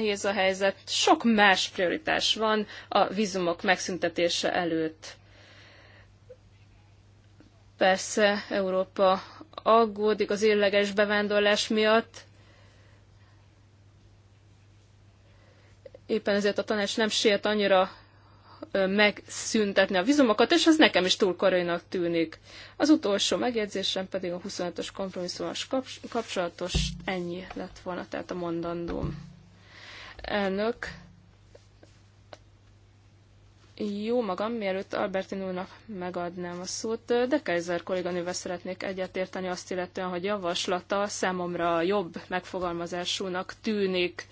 nehéz a helyzet, sok más prioritás van a vízumok megszüntetése előtt. Persze Európa aggódik az illeges bevándorlás miatt, éppen ezért a tanács nem siet annyira megszüntetni a vizumokat, és ez nekem is túl korainak tűnik. Az utolsó megjegyzésem pedig a 25-ös kompromisszumos kapcsolatos, ennyi lett volna, tehát a mondandóm. Elnök, jó magam, mielőtt úrnak megadnám a szót, de Kaiser kolléganővel szeretnék egyetérteni azt illetően, hogy javaslata számomra jobb megfogalmazásúnak tűnik.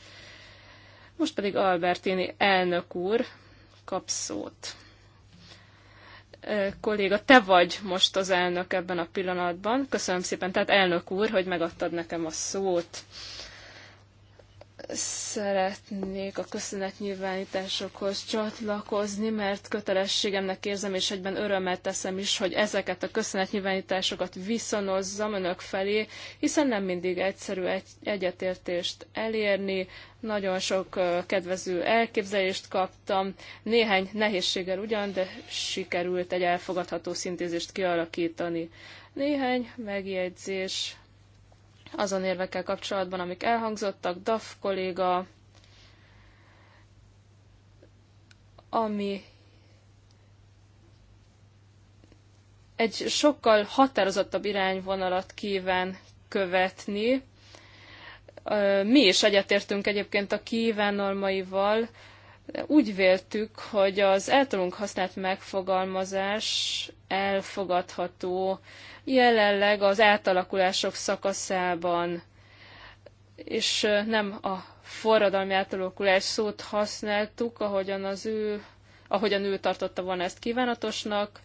Most pedig Albertini elnök úr kap szót. Kolléga, te vagy most az elnök ebben a pillanatban. Köszönöm szépen, tehát elnök úr, hogy megadtad nekem a szót szeretnék a köszönetnyilvánításokhoz csatlakozni, mert kötelességemnek érzem, és egyben örömmel teszem is, hogy ezeket a köszönetnyilvánításokat viszonozzam önök felé, hiszen nem mindig egyszerű egy egyetértést elérni. Nagyon sok kedvező elképzelést kaptam, néhány nehézséggel ugyan, de sikerült egy elfogadható szintézést kialakítani. Néhány megjegyzés azon érvekkel kapcsolatban, amik elhangzottak. DAF kolléga, ami egy sokkal határozottabb irányvonalat kíván követni. Mi is egyetértünk egyébként a kívánalmaival, úgy véltük, hogy az általunk használt megfogalmazás elfogadható jelenleg az átalakulások szakaszában, és nem a forradalmi átalakulás szót használtuk, ahogyan az ő ahogyan ő tartotta volna ezt kívánatosnak,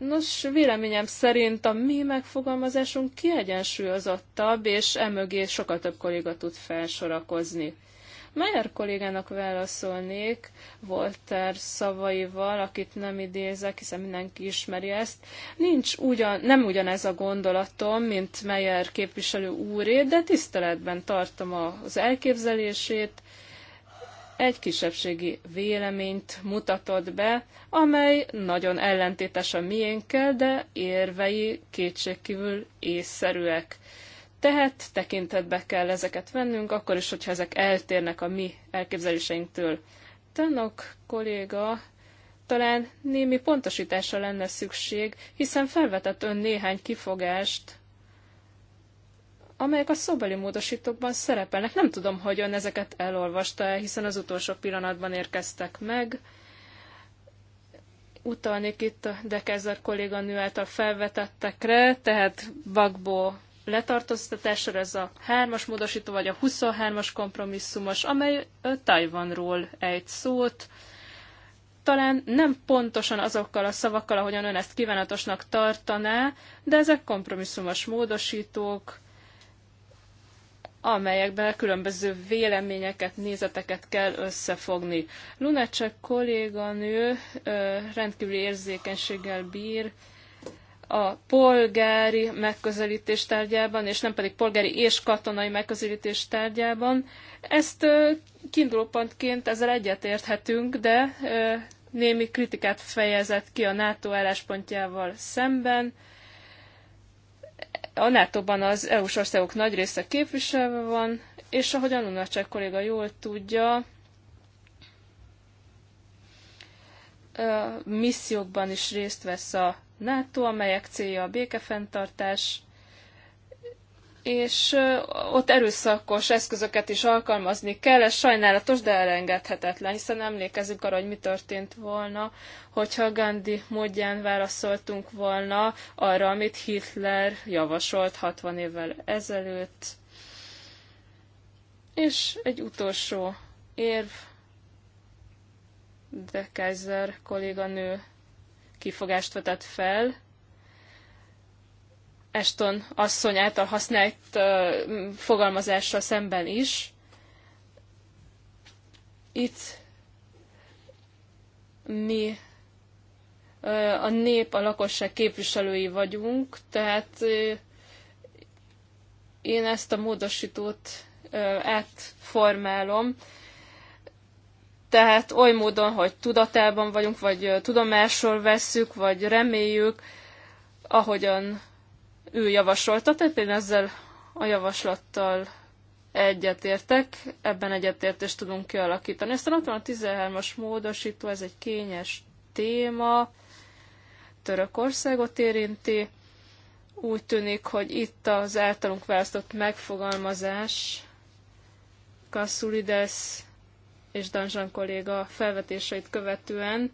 Nos, véleményem szerint a mi megfogalmazásunk kiegyensúlyozottabb, és emögé sokkal több kolléga tud felsorakozni. Meyer kollégának válaszolnék Volter szavaival, akit nem idézek, hiszen mindenki ismeri ezt. Nincs ugyan, nem ugyanez a gondolatom, mint Meyer képviselő úré, de tiszteletben tartom az elképzelését, egy kisebbségi véleményt mutatott be, amely nagyon ellentétes a miénkkel, de érvei kétségkívül észszerűek. Tehát tekintetbe kell ezeket vennünk, akkor is, hogyha ezek eltérnek a mi elképzeléseinktől. Tanok kolléga talán némi pontosításra lenne szükség, hiszen felvetett ön néhány kifogást amelyek a szóbeli módosítókban szerepelnek. Nem tudom, hogy ön ezeket elolvasta -e, hiszen az utolsó pillanatban érkeztek meg. Utalnék itt a Dekezer kolléganő által felvetettekre, tehát Bagbo letartóztatásra ez a 3-as módosító, vagy a 23-as kompromisszumos, amely Tajvanról egy szót. Talán nem pontosan azokkal a szavakkal, ahogyan ön ezt kívánatosnak tartaná, de ezek kompromisszumos módosítók, amelyekben különböző véleményeket, nézeteket kell összefogni. Lunacek kolléganő rendkívüli érzékenységgel bír a polgári megközelítés tárgyában, és nem pedig polgári és katonai megközelítés tárgyában. Ezt kiindulópontként ezzel egyetérthetünk, de némi kritikát fejezett ki a NATO álláspontjával szemben, a NATO-ban az EU-s országok nagy része képviselve van, és ahogy Lunacek kolléga jól tudja, missziókban is részt vesz a NATO, amelyek célja a békefenntartás, és ott erőszakos eszközöket is alkalmazni kell, ez sajnálatos, de elengedhetetlen, hiszen emlékezünk arra, hogy mi történt volna, hogyha Gandhi módján válaszoltunk volna arra, amit Hitler javasolt 60 évvel ezelőtt. És egy utolsó érv, de Kaiser kolléganő kifogást vetett fel, Eston asszony által használt fogalmazással szemben is. Itt mi a nép, a lakosság képviselői vagyunk, tehát én ezt a módosítót átformálom. Tehát oly módon, hogy tudatában vagyunk, vagy tudomásról vesszük, vagy reméljük, ahogyan ő javasolta, tehát én ezzel a javaslattal egyetértek, ebben egyetértést tudunk kialakítani. Aztán ott van a 13-as módosító, ez egy kényes téma, Törökországot érinti. Úgy tűnik, hogy itt az általunk választott megfogalmazás, Kasszulides és Danzsan kolléga felvetéseit követően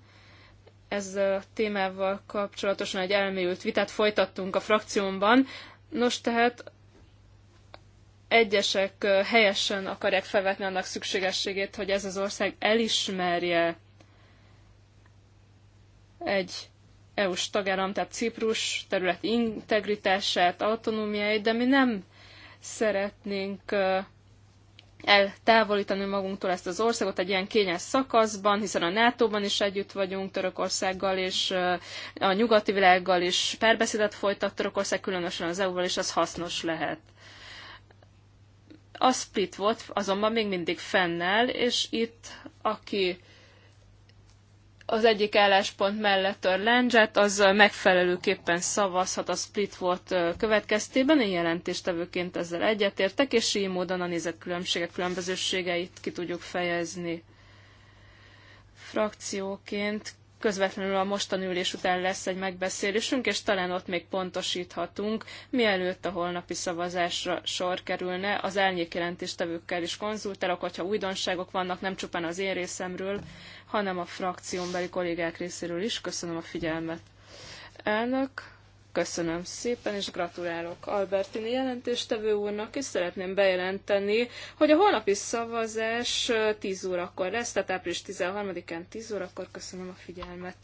ezzel a témával kapcsolatosan egy elmélyült vitát folytattunk a frakciómban. Nos, tehát egyesek helyesen akarják felvetni annak szükségességét, hogy ez az ország elismerje egy EU-s tagállam, tehát Ciprus terület integritását, autonómiáit, de mi nem szeretnénk eltávolítani magunktól ezt az országot egy ilyen kényes szakaszban, hiszen a NATO-ban is együtt vagyunk Törökországgal, és a nyugati világgal is párbeszédet folytat Törökország, különösen az EU-val, és az hasznos lehet. A split volt azonban még mindig fennel, és itt aki az egyik álláspont mellett a Lendzset, az megfelelőképpen szavazhat a split volt következtében. Én jelentéstevőként ezzel egyetértek, és így módon a nézetkülönbségek különbözőségeit ki tudjuk fejezni. Frakcióként közvetlenül a mostani ülés után lesz egy megbeszélésünk, és talán ott még pontosíthatunk, mielőtt a holnapi szavazásra sor kerülne. Az jelentéstevőkkel is konzultálok, hogyha újdonságok vannak, nem csupán az én részemről, hanem a beli kollégák részéről is. Köszönöm a figyelmet. Elnök, köszönöm szépen, és gratulálok Albertini jelentéstevő úrnak, és szeretném bejelenteni, hogy a holnapi szavazás 10 órakor lesz, tehát április 13-án 10 órakor. Köszönöm a figyelmet.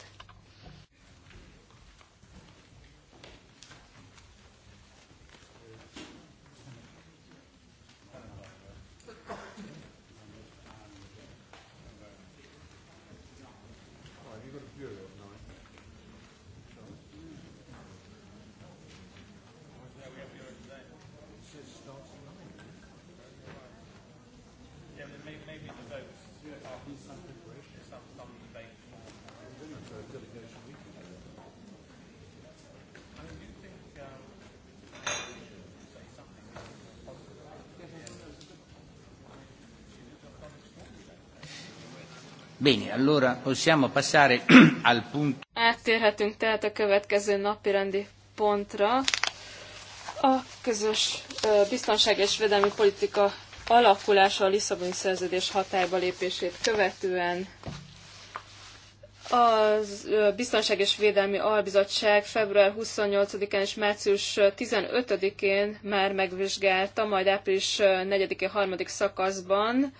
Bene, allora possiamo passare al punto. Áttérhetünk tehát a következő napi rendi pontra. A közös biztonság és védelmi politika alakulása a Lisszaboni szerződés hatályba lépését követően a Biztonság és Védelmi Albizottság február 28-án és március 15-én már megvizsgálta, majd április 4-3. szakaszban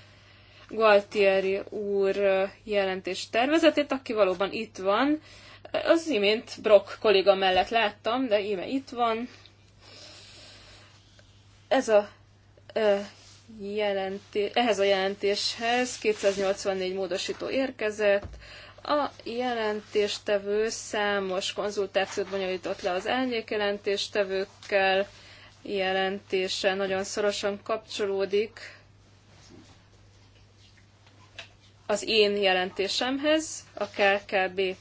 Gualtieri úr jelentés tervezetét, aki valóban itt van. Az imént Brock kolléga mellett láttam, de íme itt van. Ez a jelenté, ehhez a jelentéshez 284 módosító érkezett. A jelentéstevő számos konzultációt bonyolított le az elnyék jelentéstevőkkel, jelentése nagyon szorosan kapcsolódik az én jelentésemhez, a KKBP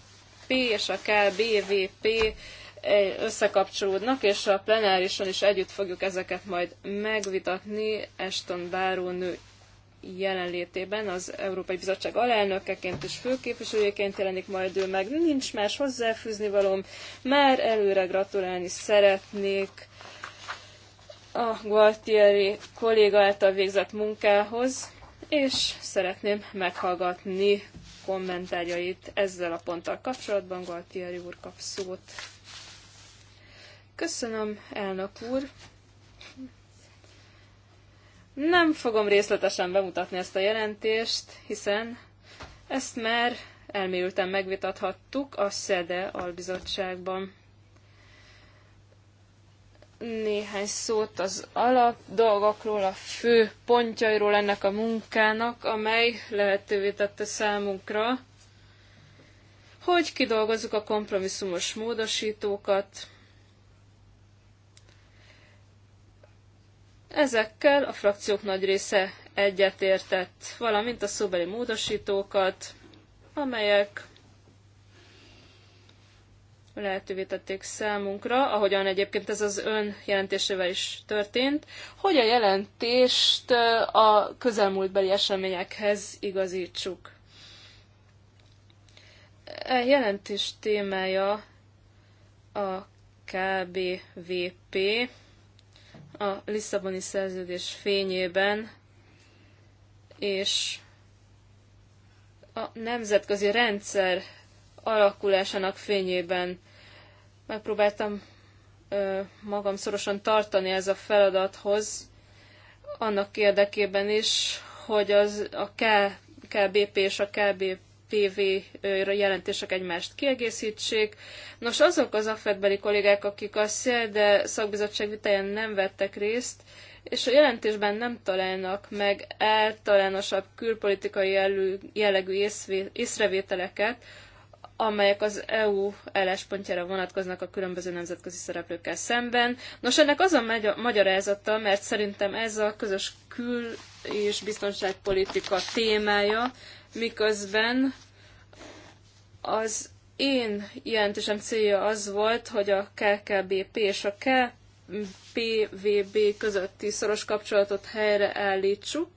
és a KBVP összekapcsolódnak, és a plenárison is együtt fogjuk ezeket majd megvitatni Eston Bárónő jelenlétében az Európai Bizottság alelnökeként és főképviselőjeként jelenik majd ő meg. Nincs más hozzáfűzni valóm. Már előre gratulálni szeretnék a Gualtieri kolléga által végzett munkához, és szeretném meghallgatni kommentárjait ezzel a ponttal kapcsolatban. Galtieri úr kap szót. Köszönöm, elnök úr. Nem fogom részletesen bemutatni ezt a jelentést, hiszen ezt már elmélyülten megvitathattuk a SZEDE albizottságban néhány szót az alap dolgokról, a fő pontjairól ennek a munkának, amely lehetővé tette számunkra, hogy kidolgozzuk a kompromisszumos módosítókat. Ezekkel a frakciók nagy része egyetértett, valamint a szóbeli módosítókat, amelyek lehetővé tették számunkra, ahogyan egyébként ez az ön jelentésével is történt, hogy a jelentést a közelmúltbeli eseményekhez igazítsuk. A e jelentés témája a KBVP, a Lisszaboni szerződés fényében, és a nemzetközi rendszer alakulásának fényében megpróbáltam ö, magam szorosan tartani ez a feladathoz, annak érdekében is, hogy az a K, KBP és a KBPV jelentések egymást kiegészítsék. Nos, azok az affetbeli kollégák, akik a de szakbizottság vitáján nem vettek részt, és a jelentésben nem találnak meg általánosabb külpolitikai jellegű észrevételeket, amelyek az EU álláspontjára vonatkoznak a különböző nemzetközi szereplőkkel szemben. Nos, ennek az a magyarázata, mert szerintem ez a közös kül- és biztonságpolitika témája, miközben az én jelentésem célja az volt, hogy a KKBP és a KPVB közötti szoros kapcsolatot helyreállítsuk.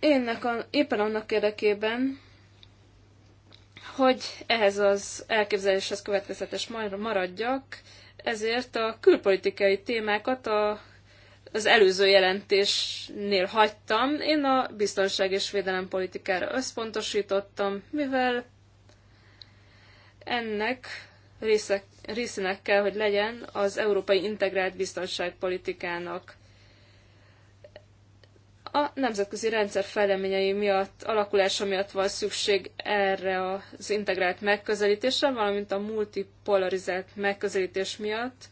Énnek a, éppen annak érdekében, hogy ehhez az elképzeléshez következetes maradjak, ezért a külpolitikai témákat a, az előző jelentésnél hagytam. Én a biztonság és védelem politikára összpontosítottam, mivel ennek része, részének kell, hogy legyen az európai integrált biztonságpolitikának. A nemzetközi rendszer fejleményei miatt, alakulása miatt van szükség erre az integrált megközelítésre, valamint a multipolarizált megközelítés miatt,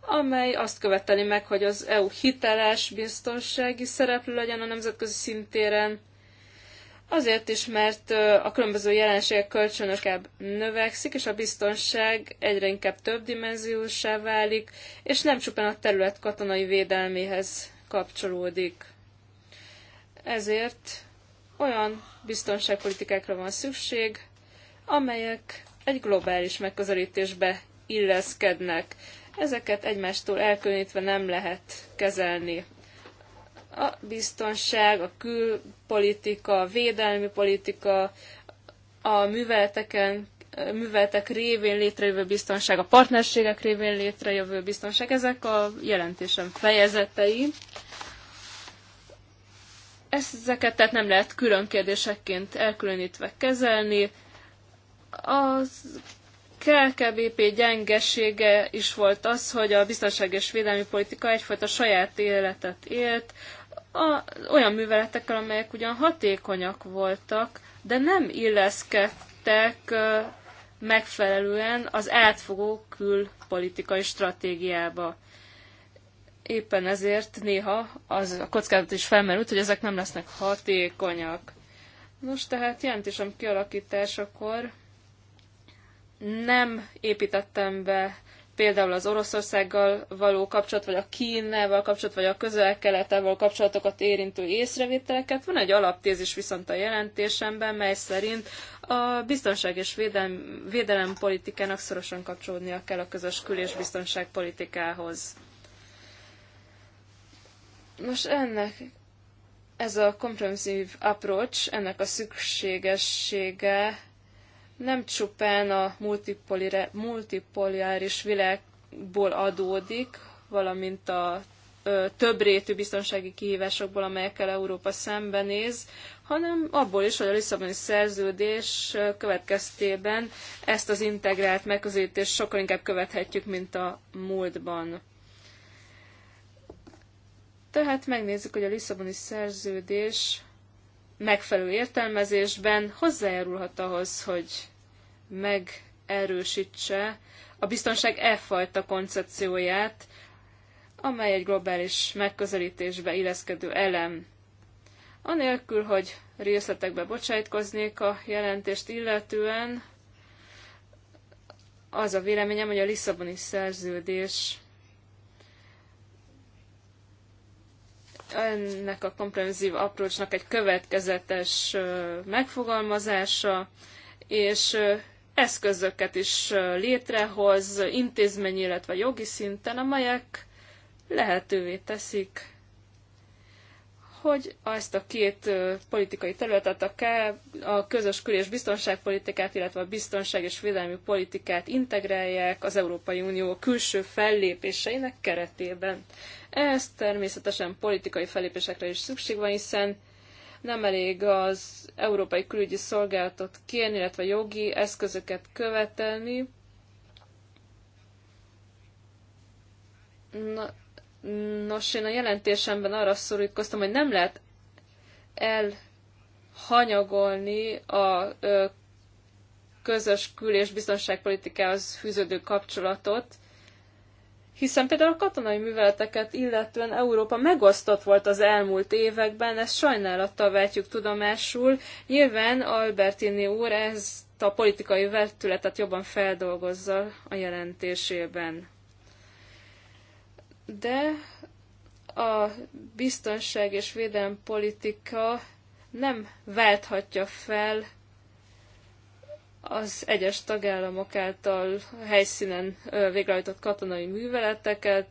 amely azt követeli meg, hogy az EU hiteles biztonsági szereplő legyen a nemzetközi szintéren, Azért is, mert a különböző jelenségek kölcsönösebb növekszik, és a biztonság egyre inkább több dimenziósá válik, és nem csupán a terület katonai védelméhez kapcsolódik. Ezért olyan biztonságpolitikákra van szükség, amelyek egy globális megközelítésbe illeszkednek. Ezeket egymástól elkülönítve nem lehet kezelni. A biztonság, a külpolitika, a védelmi politika, a műveleteken, műveletek révén létrejövő biztonság, a partnerségek révén létrejövő biztonság, ezek a jelentésem fejezetei. Ezeket tehát nem lehet külön kérdésekként elkülönítve kezelni. Az KKBP gyengesége is volt az, hogy a biztonság és védelmi politika egyfajta saját életet élt, a, olyan műveletekkel, amelyek ugyan hatékonyak voltak, de nem illeszkedtek megfelelően az átfogó külpolitikai stratégiába. Éppen ezért néha az a kockázat is felmerült, hogy ezek nem lesznek hatékonyak. Nos, tehát jelentésem kialakításakor nem építettem be például az Oroszországgal való kapcsolat, vagy a Kínával kapcsolat, vagy a közel-kelettel való kapcsolatokat érintő észrevételeket. Van egy alaptézis viszont a jelentésemben, mely szerint a biztonság és védelem, védelem politikának szorosan kapcsolódnia kell a közös kül- és biztonságpolitikához. Most ennek ez a kompromisszív approach, ennek a szükségessége nem csupán a multipoláris világból adódik, valamint a többrétű biztonsági kihívásokból, amelyekkel Európa szembenéz, hanem abból is, hogy a Lisszaboni szerződés következtében ezt az integrált megközelítést sokkal inkább követhetjük, mint a múltban. Tehát megnézzük, hogy a Lisszaboni szerződés megfelelő értelmezésben hozzájárulhat ahhoz, hogy megerősítse a biztonság e fajta koncepcióját, amely egy globális megközelítésbe illeszkedő elem. Anélkül, hogy részletekbe bocsájtkoznék a jelentést illetően, az a véleményem, hogy a Lisszaboni szerződés ennek a komprehenzív approachnak egy következetes megfogalmazása, és eszközöket is létrehoz intézményi illetve jogi szinten, amelyek lehetővé teszik hogy ezt a két politikai területet, a, K, a közös kül- és biztonságpolitikát, illetve a biztonság és védelmi politikát integrálják az Európai Unió külső fellépéseinek keretében. Ez természetesen politikai fellépésekre is szükség van, hiszen nem elég az Európai Külügyi Szolgálatot kérni, illetve jogi eszközöket követelni. Na, Nos, én a jelentésemben arra szorítkoztam, hogy nem lehet elhanyagolni a közös kül- és biztonságpolitikához fűződő kapcsolatot, hiszen például a katonai műveleteket illetően Európa megosztott volt az elmúlt években, ezt sajnálattal vetjük tudomásul. Nyilván Albertini úr ezt a politikai vetületet jobban feldolgozza a jelentésében de a biztonság és védelem politika nem válthatja fel az egyes tagállamok által helyszínen végrehajtott katonai műveleteket.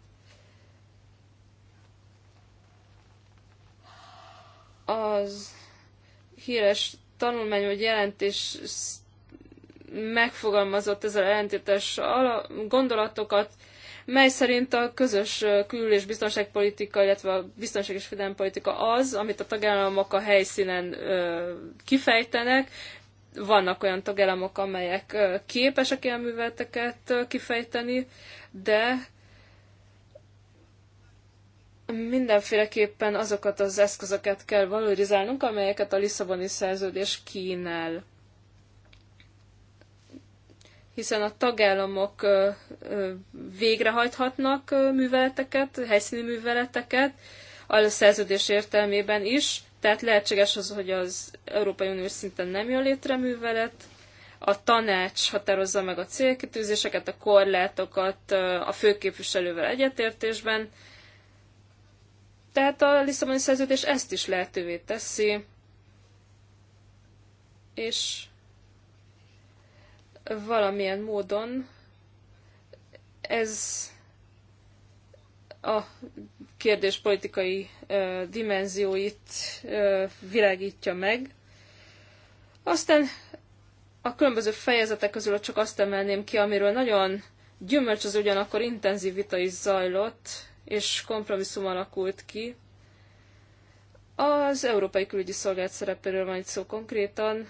Az híres tanulmány vagy jelentés megfogalmazott ezzel ellentétes gondolatokat, mely szerint a közös kül- és biztonságpolitika, illetve a biztonság és politika az, amit a tagállamok a helyszínen kifejtenek, vannak olyan tagállamok, amelyek képesek ilyen műveleteket kifejteni, de mindenféleképpen azokat az eszközöket kell valorizálnunk, amelyeket a Lisszaboni szerződés kínál hiszen a tagállamok végrehajthatnak műveleteket, helyszíni műveleteket, a szerződés értelmében is, tehát lehetséges az, hogy az Európai Uniós szinten nem jön létre művelet, a tanács határozza meg a célkitűzéseket, a korlátokat a főképviselővel egyetértésben, tehát a Lisszaboni szerződés ezt is lehetővé teszi, és valamilyen módon ez a kérdés politikai ö, dimenzióit ö, világítja meg. Aztán a különböző fejezetek közül csak azt emelném ki, amiről nagyon gyümölcsöző, ugyanakkor intenzív vita is zajlott, és kompromisszum alakult ki. Az Európai Külügyi Szolgált szerepéről van itt szó konkrétan,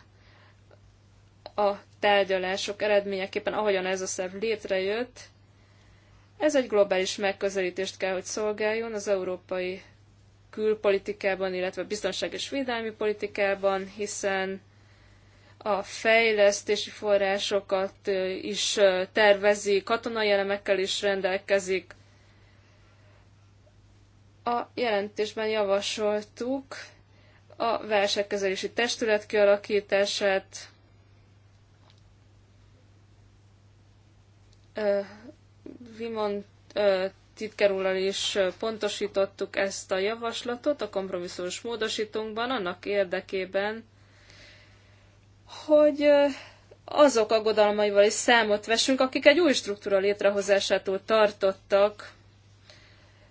a tárgyalások eredményeképpen, ahogyan ez a szerv létrejött, ez egy globális megközelítést kell, hogy szolgáljon az európai külpolitikában, illetve biztonság és védelmi politikában, hiszen a fejlesztési forrásokat is tervezi, katonai elemekkel is rendelkezik. A jelentésben javasoltuk a válságkezelési testület kialakítását, Vimon titkár is pontosítottuk ezt a javaslatot a kompromisszós módosítunkban annak érdekében, hogy azok aggodalmaival is számot vessünk, akik egy új struktúra létrehozásától tartottak,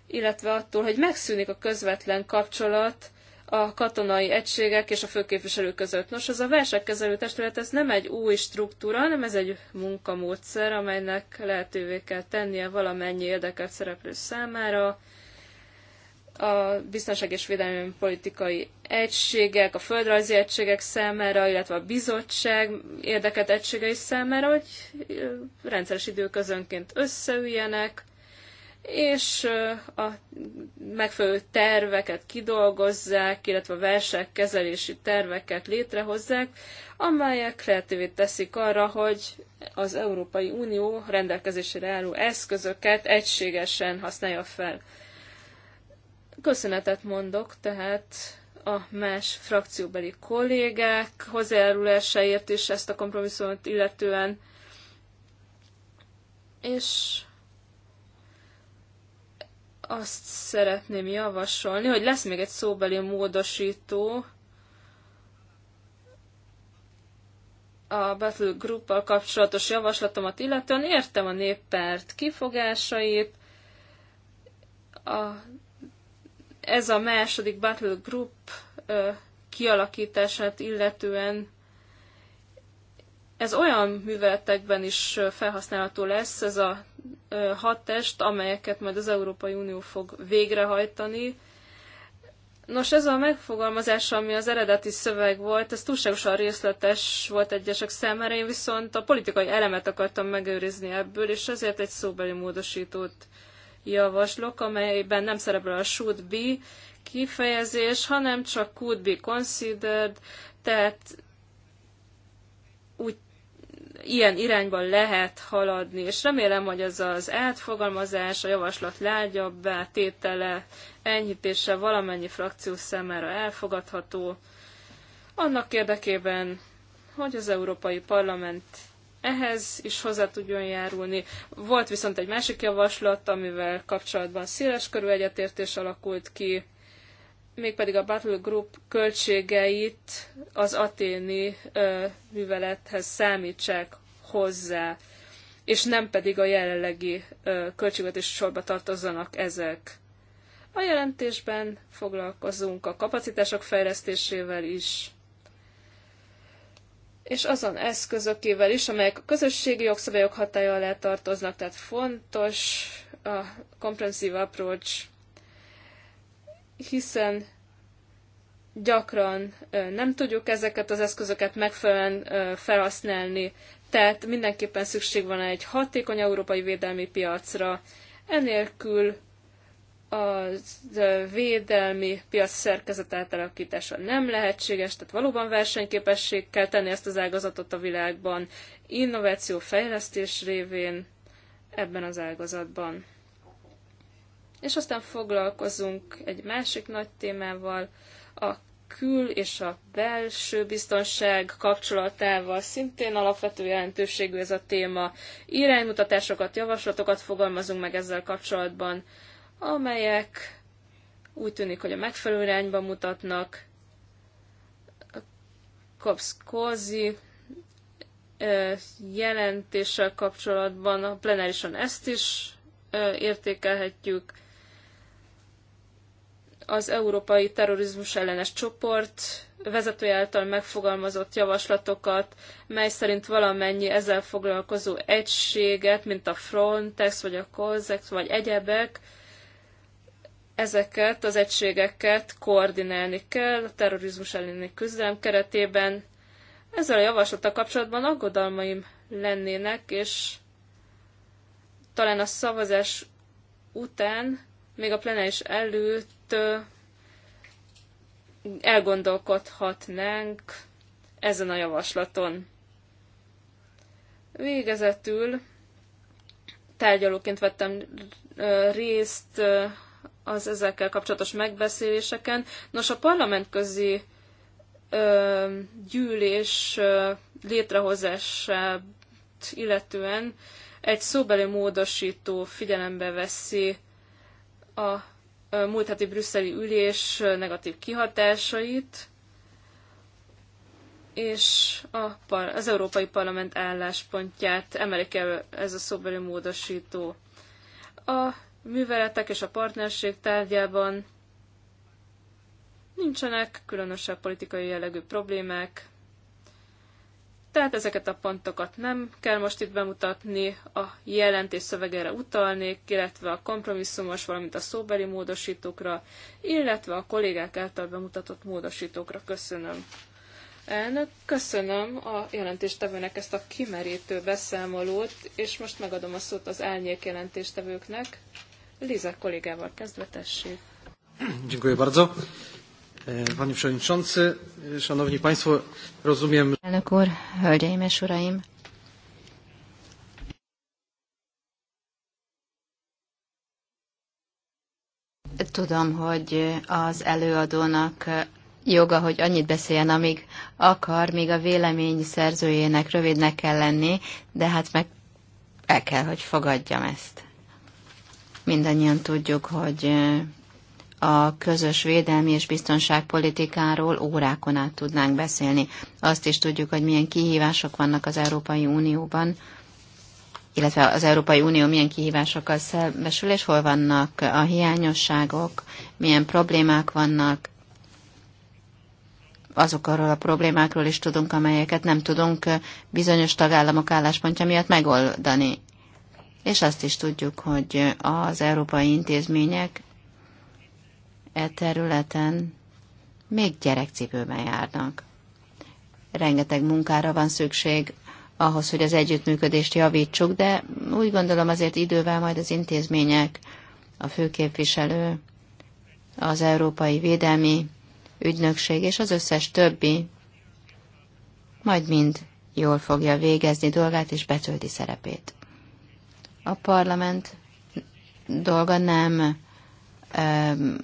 illetve attól, hogy megszűnik a közvetlen kapcsolat a katonai egységek és a főképviselő között. Nos, ez a válságkezelő testület, ez nem egy új struktúra, hanem ez egy munkamódszer, amelynek lehetővé kell tennie valamennyi érdekelt szereplő számára, a biztonság és védelmi politikai egységek, a földrajzi egységek számára, illetve a bizottság érdeket egységei számára, hogy rendszeres időközönként összeüljenek, és a megfelelő terveket kidolgozzák, illetve a kezelési terveket létrehozzák, amelyek lehetővé teszik arra, hogy az Európai Unió rendelkezésére álló eszközöket egységesen használja fel. Köszönetet mondok tehát a más frakcióbeli kollégák hozzájárulásáért is ezt a kompromisszumot illetően, és azt szeretném javasolni, hogy lesz még egy szóbeli módosító a Battle group kapcsolatos javaslatomat illetően. Értem a néppárt kifogásait. A, ez a második Battle Group ö, kialakítását illetően ez olyan műveletekben is felhasználható lesz, ez a hat test, amelyeket majd az Európai Unió fog végrehajtani. Nos, ez a megfogalmazás, ami az eredeti szöveg volt, ez túlságosan részletes volt egyesek számára, én viszont a politikai elemet akartam megőrizni ebből, és ezért egy szóbeli módosítót javaslok, amelyben nem szerepel a should be kifejezés, hanem csak could be considered, tehát úgy ilyen irányban lehet haladni, és remélem, hogy ez az átfogalmazás, a javaslat lágyabbá tétele, enyhítése valamennyi frakció szemére elfogadható, annak érdekében, hogy az Európai Parlament ehhez is hozzá tudjon járulni. Volt viszont egy másik javaslat, amivel kapcsolatban körű egyetértés alakult ki, mégpedig a Battle Group költségeit az aténi művelethez számítsák hozzá, és nem pedig a jelenlegi ö, költségvetés sorba tartozzanak ezek. A jelentésben foglalkozunk a kapacitások fejlesztésével is, és azon eszközökével is, amelyek a közösségi jogszabályok hatája alá tartoznak, tehát fontos a comprehensive approach hiszen gyakran nem tudjuk ezeket az eszközöket megfelelően felhasználni, tehát mindenképpen szükség van egy hatékony európai védelmi piacra. Enélkül a védelmi piac szerkezet átalakítása nem lehetséges, tehát valóban versenyképesség kell tenni ezt az ágazatot a világban, innováció fejlesztés révén ebben az ágazatban és aztán foglalkozunk egy másik nagy témával, a kül és a belső biztonság kapcsolatával szintén alapvető jelentőségű ez a téma. Iránymutatásokat, javaslatokat fogalmazunk meg ezzel kapcsolatban, amelyek úgy tűnik, hogy a megfelelő irányba mutatnak. Kopszkózi jelentéssel kapcsolatban a plenárison ezt is értékelhetjük az Európai Terrorizmus Ellenes Csoport vezetője által megfogalmazott javaslatokat, mely szerint valamennyi ezzel foglalkozó egységet, mint a Frontex, vagy a COSEX, vagy egyebek, ezeket az egységeket koordinálni kell a terrorizmus elleni küzdelem keretében. Ezzel a javaslattal kapcsolatban aggodalmaim lennének, és talán a szavazás után még a plenáris előtt elgondolkodhatnánk ezen a javaslaton. Végezetül tárgyalóként vettem részt az ezekkel kapcsolatos megbeszéléseken. Nos, a parlamentközi gyűlés létrehozását illetően egy szóbeli módosító figyelembe veszi a múlt heti brüsszeli ülés negatív kihatásait, és a, az Európai Parlament álláspontját emelik el ez a szóbeli módosító. A műveletek és a partnerség tárgyában nincsenek különösebb politikai jellegű problémák, tehát ezeket a pontokat nem kell most itt bemutatni, a jelentés szövegére utalnék, illetve a kompromisszumos, valamint a szóbeli módosítókra, illetve a kollégák által bemutatott módosítókra. Köszönöm. Elnök, köszönöm a jelentéstevőnek ezt a kimerítő beszámolót, és most megadom a szót az árnyék jelentéstevőknek. Liza kollégával kezdve tessék. Dziękuję bardzo. E, panie Przewodniczący, e, Szanowni Państwo, rozumiem... Elnök úr, hölgyeim és uraim! Tudom, hogy az előadónak joga, hogy annyit beszéljen, amíg akar, még a vélemény szerzőjének rövidnek kell lenni, de hát meg el kell, hogy fogadjam ezt. Mindannyian tudjuk, hogy a közös védelmi és biztonságpolitikáról órákon át tudnánk beszélni. Azt is tudjuk, hogy milyen kihívások vannak az Európai Unióban, illetve az Európai Unió milyen kihívásokkal szembesül, és hol vannak a hiányosságok, milyen problémák vannak, azokról a problémákról is tudunk, amelyeket nem tudunk bizonyos tagállamok álláspontja miatt megoldani. És azt is tudjuk, hogy az európai intézmények e területen még gyerekcipőben járnak. Rengeteg munkára van szükség ahhoz, hogy az együttműködést javítsuk, de úgy gondolom azért idővel majd az intézmények, a főképviselő, az Európai Védelmi Ügynökség és az összes többi majd mind jól fogja végezni dolgát és betölti szerepét. A parlament dolga nem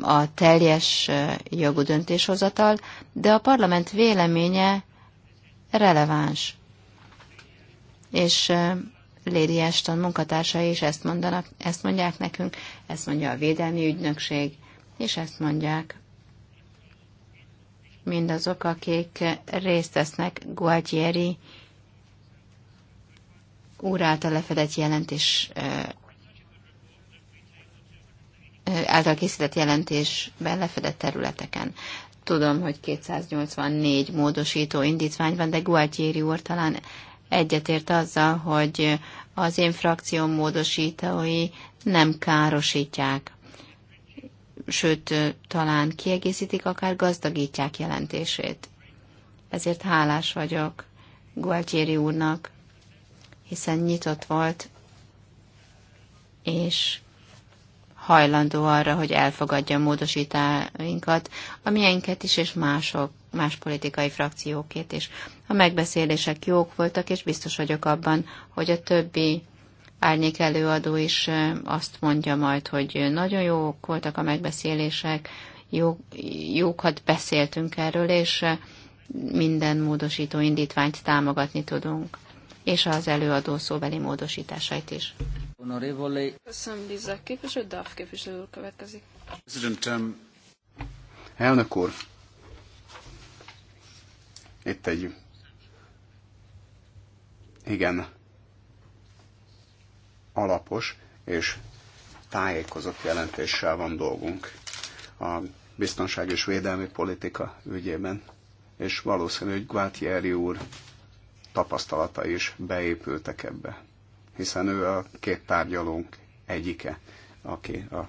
a teljes jogú döntéshozatal, de a parlament véleménye releváns. És Lady Ashton munkatársai is ezt, mondanak, ezt mondják nekünk, ezt mondja a Védelmi Ügynökség, és ezt mondják mindazok, akik részt vesznek Gualtieri úr által lefedett jelentés által készített jelentésben lefedett területeken. Tudom, hogy 284 módosító indítvány van, de Gualtieri úr talán egyetért azzal, hogy az én frakcióm módosítói nem károsítják, sőt, talán kiegészítik, akár gazdagítják jelentését. Ezért hálás vagyok Gualtieri úrnak, hiszen nyitott volt, és hajlandó arra, hogy elfogadja a módosítáinkat, amilyenket is, és mások, más politikai frakciókét is. A megbeszélések jók voltak, és biztos vagyok abban, hogy a többi árnyék előadó is azt mondja majd, hogy nagyon jók voltak a megbeszélések, jó, jókat beszéltünk erről, és minden módosító indítványt támogatni tudunk és az előadó szóbeli módosításait is. Köszönöm, Bizzák képviselő, DAF képviselő úr következik. Elnök úr, itt egy igen alapos és tájékozott jelentéssel van dolgunk a biztonság és védelmi politika ügyében, és valószínű, hogy Gualtieri úr tapasztalata is beépültek ebbe, hiszen ő a két tárgyalónk egyike, aki a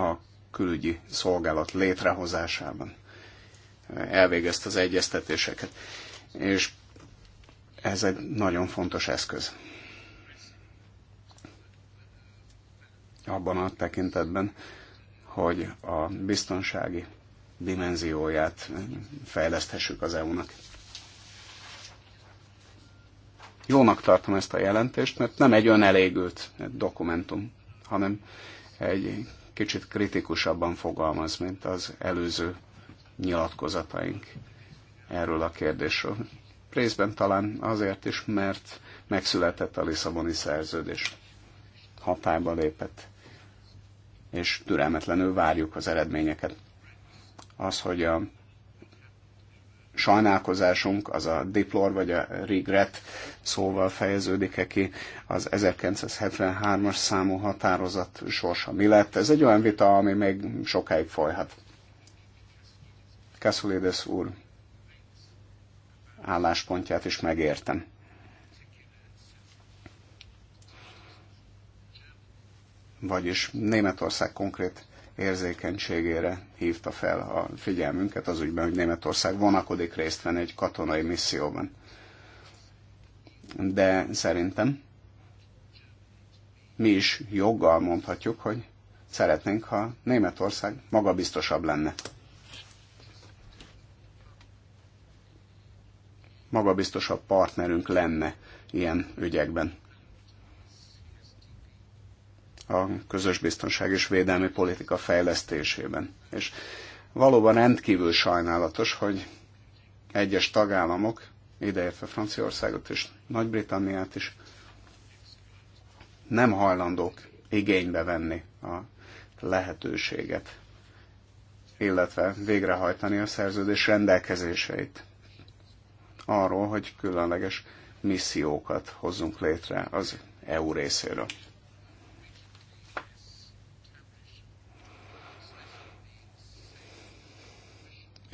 a külügyi szolgálat létrehozásában elvégezte az egyeztetéseket. És ez egy nagyon fontos eszköz. Abban a tekintetben, hogy a biztonsági dimenzióját fejleszthessük az EU-nak. Jónak tartom ezt a jelentést, mert nem egy önelégült dokumentum, hanem egy kicsit kritikusabban fogalmaz, mint az előző nyilatkozataink erről a kérdésről. Részben talán azért is, mert megszületett a Lisszaboni szerződés. Hatályba lépett, és türelmetlenül várjuk az eredményeket az, hogy a sajnálkozásunk, az a diplor vagy a regret szóval fejeződik -e ki az 1973-as számú határozat sorsa mi lett. Ez egy olyan vita, ami még sokáig folyhat. Kasulides úr álláspontját is megértem. Vagyis Németország konkrét érzékenységére hívta fel a figyelmünket az ügyben, hogy Németország vonakodik részt venni egy katonai misszióban. De szerintem mi is joggal mondhatjuk, hogy szeretnénk, ha Németország magabiztosabb lenne. Magabiztosabb partnerünk lenne ilyen ügyekben a közös biztonság és védelmi politika fejlesztésében. És valóban rendkívül sajnálatos, hogy egyes tagállamok, ideértve Franciaországot és Nagy-Britanniát is, nem hajlandók igénybe venni a lehetőséget, illetve végrehajtani a szerződés rendelkezéseit arról, hogy különleges missziókat hozzunk létre az EU részéről.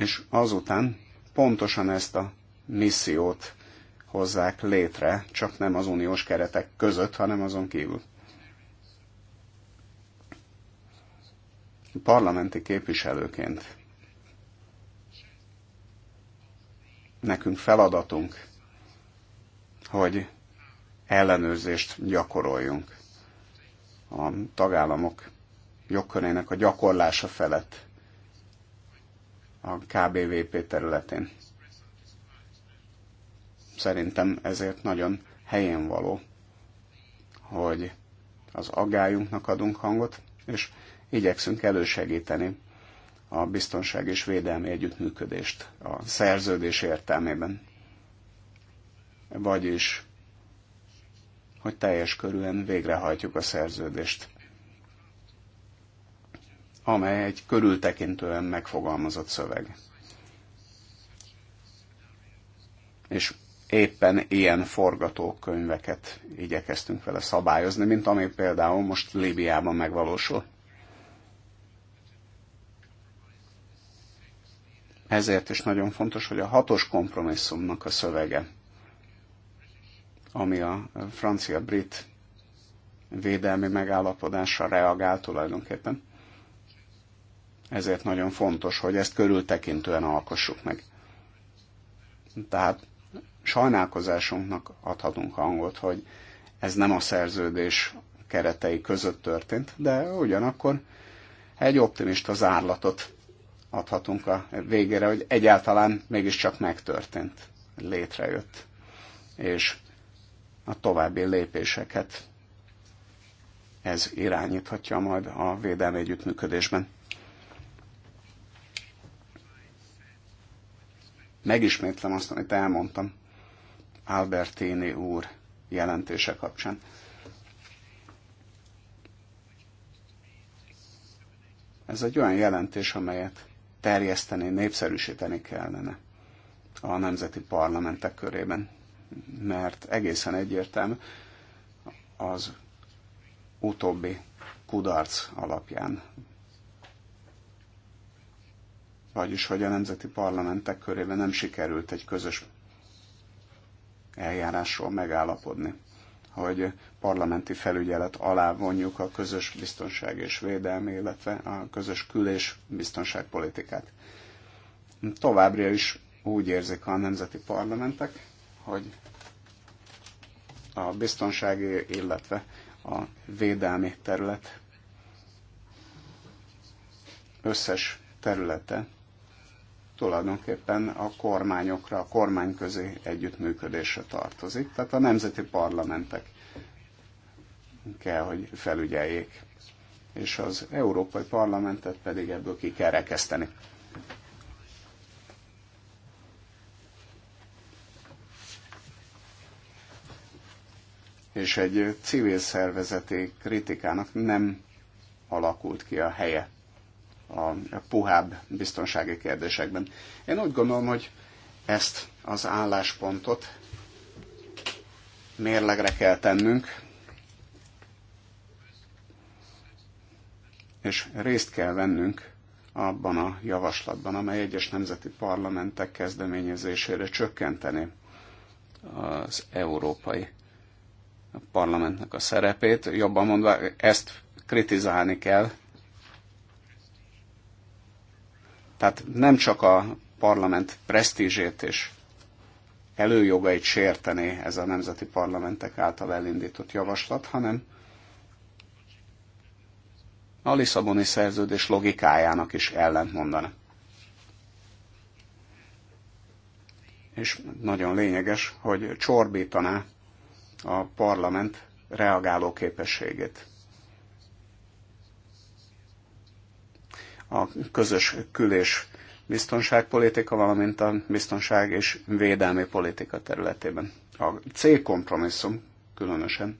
és azután pontosan ezt a missziót hozzák létre, csak nem az uniós keretek között, hanem azon kívül. Parlamenti képviselőként nekünk feladatunk, hogy ellenőrzést gyakoroljunk a tagállamok jogkörének a gyakorlása felett a KBVP területén. Szerintem ezért nagyon helyén való, hogy az agályunknak adunk hangot, és igyekszünk elősegíteni a biztonság és védelmi együttműködést a szerződés értelmében. Vagyis, hogy teljes körűen végrehajtjuk a szerződést amely egy körültekintően megfogalmazott szöveg. És éppen ilyen forgatókönyveket igyekeztünk vele szabályozni, mint ami például most Líbiában megvalósul. Ezért is nagyon fontos, hogy a hatos kompromisszumnak a szövege, ami a francia-brit védelmi megállapodásra reagál tulajdonképpen, ezért nagyon fontos, hogy ezt körültekintően alkossuk meg. Tehát sajnálkozásunknak adhatunk hangot, hogy ez nem a szerződés keretei között történt, de ugyanakkor egy optimista zárlatot adhatunk a végére, hogy egyáltalán mégiscsak megtörtént, létrejött, és a további lépéseket ez irányíthatja majd a védelmi együttműködésben. megismétlem azt, amit elmondtam Albertini úr jelentése kapcsán. Ez egy olyan jelentés, amelyet terjeszteni, népszerűsíteni kellene a nemzeti parlamentek körében, mert egészen egyértelmű az utóbbi kudarc alapján vagyis hogy a nemzeti parlamentek körében nem sikerült egy közös eljárásról megállapodni, hogy parlamenti felügyelet alá vonjuk a közös biztonság és védelmi, illetve a közös külés biztonságpolitikát. Továbbra is úgy érzik a nemzeti parlamentek, hogy a biztonsági, illetve a védelmi terület összes területe tulajdonképpen a kormányokra, a kormányközi együttműködésre tartozik. Tehát a nemzeti parlamentek kell, hogy felügyeljék, és az Európai Parlamentet pedig ebből ki kell rekeszteni. És egy civil szervezeti kritikának nem alakult ki a helye a puhább biztonsági kérdésekben. Én úgy gondolom, hogy ezt az álláspontot mérlegre kell tennünk, és részt kell vennünk abban a javaslatban, amely egyes nemzeti parlamentek kezdeményezésére csökkenteni az európai parlamentnek a szerepét. Jobban mondva, ezt kritizálni kell, Tehát nem csak a parlament presztízsét és előjogait sértené ez a nemzeti parlamentek által elindított javaslat, hanem a Lisszaboni szerződés logikájának is ellentmondana. És nagyon lényeges, hogy csorbítaná a parlament reagáló képességét. a közös kül- és biztonságpolitika, valamint a biztonság és védelmi politika területében. A C kompromisszum különösen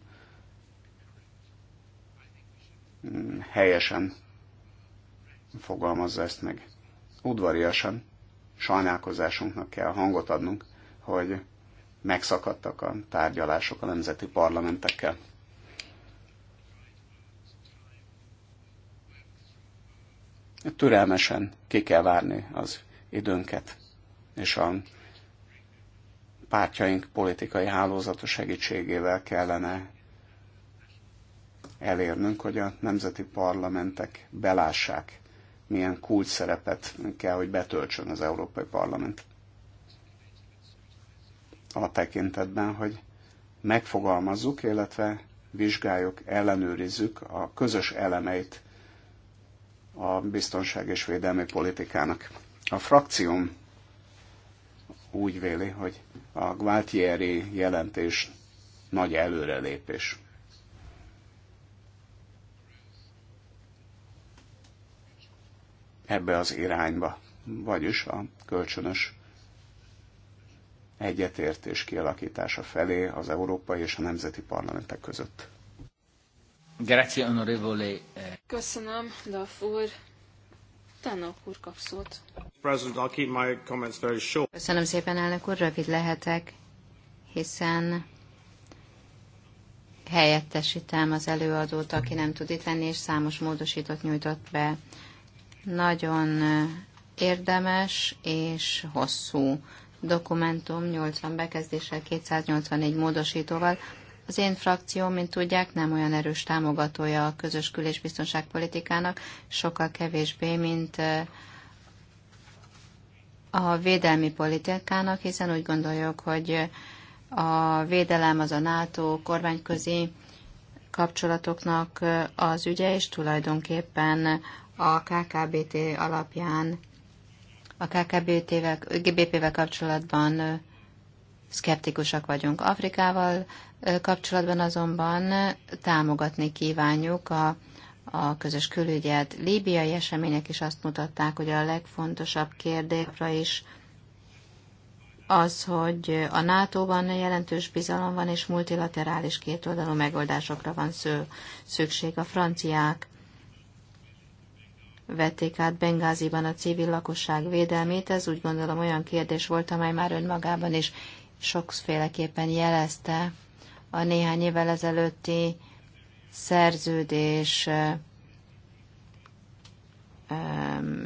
mm, helyesen fogalmazza ezt meg. Udvariasan sajnálkozásunknak kell hangot adnunk, hogy megszakadtak a tárgyalások a nemzeti parlamentekkel. türelmesen ki kell várni az időnket, és a pártjaink politikai hálózata segítségével kellene elérnünk, hogy a nemzeti parlamentek belássák, milyen kult szerepet kell, hogy betöltsön az Európai Parlament. A tekintetben, hogy megfogalmazzuk, illetve vizsgáljuk, ellenőrizzük a közös elemeit a biztonság és védelmi politikának. A frakcióm úgy véli, hogy a Gualtieri jelentés nagy előrelépés. Ebbe az irányba, vagyis a kölcsönös egyetértés kialakítása felé az európai és a nemzeti parlamentek között. Grazie, onorevole. Eh, Köszönöm, Duff úr. Tennok úr kap szót. Köszönöm szépen, elnök úr, rövid lehetek, hiszen helyettesítem az előadót, aki nem tud itt lenni, és számos módosított nyújtott be. Nagyon érdemes és hosszú dokumentum, 80 bekezdéssel, 284 módosítóval, az én frakcióm, mint tudják, nem olyan erős támogatója a közös kül- és biztonságpolitikának, sokkal kevésbé, mint a védelmi politikának, hiszen úgy gondoljuk, hogy a védelem az a NATO kormányközi kapcsolatoknak az ügye, és tulajdonképpen a KKBT alapján, a KKBT-vel, GBP-vel kapcsolatban Szkeptikusak vagyunk Afrikával kapcsolatban, azonban támogatni kívánjuk a, a közös külügyet. Líbiai események is azt mutatták, hogy a legfontosabb kérdékra is az, hogy a NATO-ban jelentős bizalom van, és multilaterális kétoldalú megoldásokra van sző, szükség. A franciák vették át Bengáziban a civil lakosság védelmét. Ez úgy gondolom olyan kérdés volt, amely már önmagában is sokféleképpen jelezte a néhány évvel ezelőtti szerződés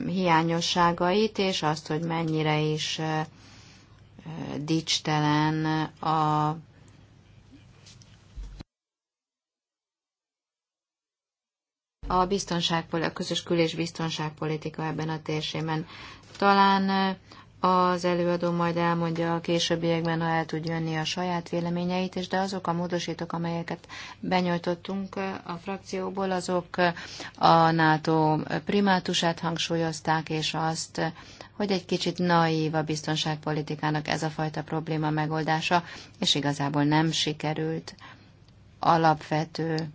hiányosságait, és azt, hogy mennyire is dicstelen a a, biztonságpolitika, a közös kül- és biztonságpolitika ebben a térségben. Talán az előadó majd elmondja a későbbiekben, ha el tud jönni a saját véleményeit, és de azok a módosítók, amelyeket benyújtottunk a frakcióból, azok a NATO primátusát hangsúlyozták, és azt, hogy egy kicsit naív a biztonságpolitikának ez a fajta probléma megoldása, és igazából nem sikerült alapvető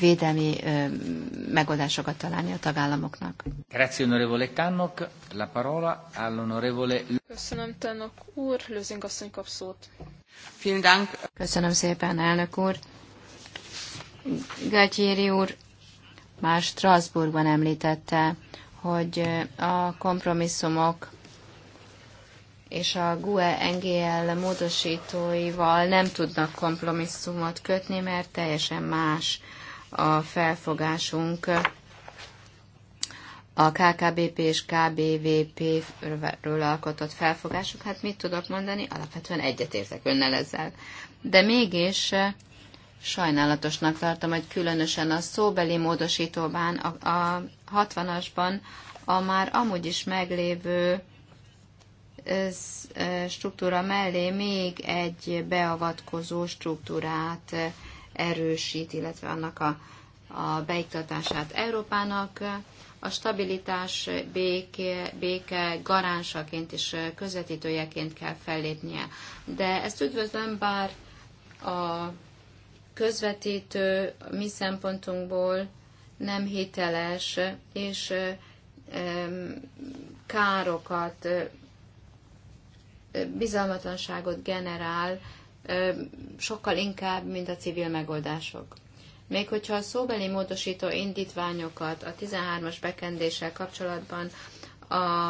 védelmi megoldásokat találni a tagállamoknak. Köszönöm Tannok úr, Lőzing asszony kap szót. Köszönöm szépen, elnök úr. Gatyéri úr már Strasbourgban említette, hogy a kompromisszumok és a GUE-NGL módosítóival nem tudnak kompromisszumot kötni, mert teljesen más a felfogásunk a KKBP és KBVP-ről alkotott felfogások. Hát mit tudok mondani? Alapvetően egyetértek önnel ezzel. De mégis eh, sajnálatosnak tartom, hogy különösen a szóbeli módosítóban, a, a 60-asban a már amúgy is meglévő E, struktúra mellé még egy beavatkozó struktúrát e, erősít, illetve annak a, a beiktatását Európának. A stabilitás béke, béke garánsaként és közvetítőjeként kell fellépnie. De ezt üdvözlöm, bár a közvetítő mi szempontunkból nem hiteles, és e, károkat bizalmatlanságot generál sokkal inkább, mint a civil megoldások. Még hogyha a szóbeli módosító indítványokat a 13-as bekendéssel kapcsolatban a,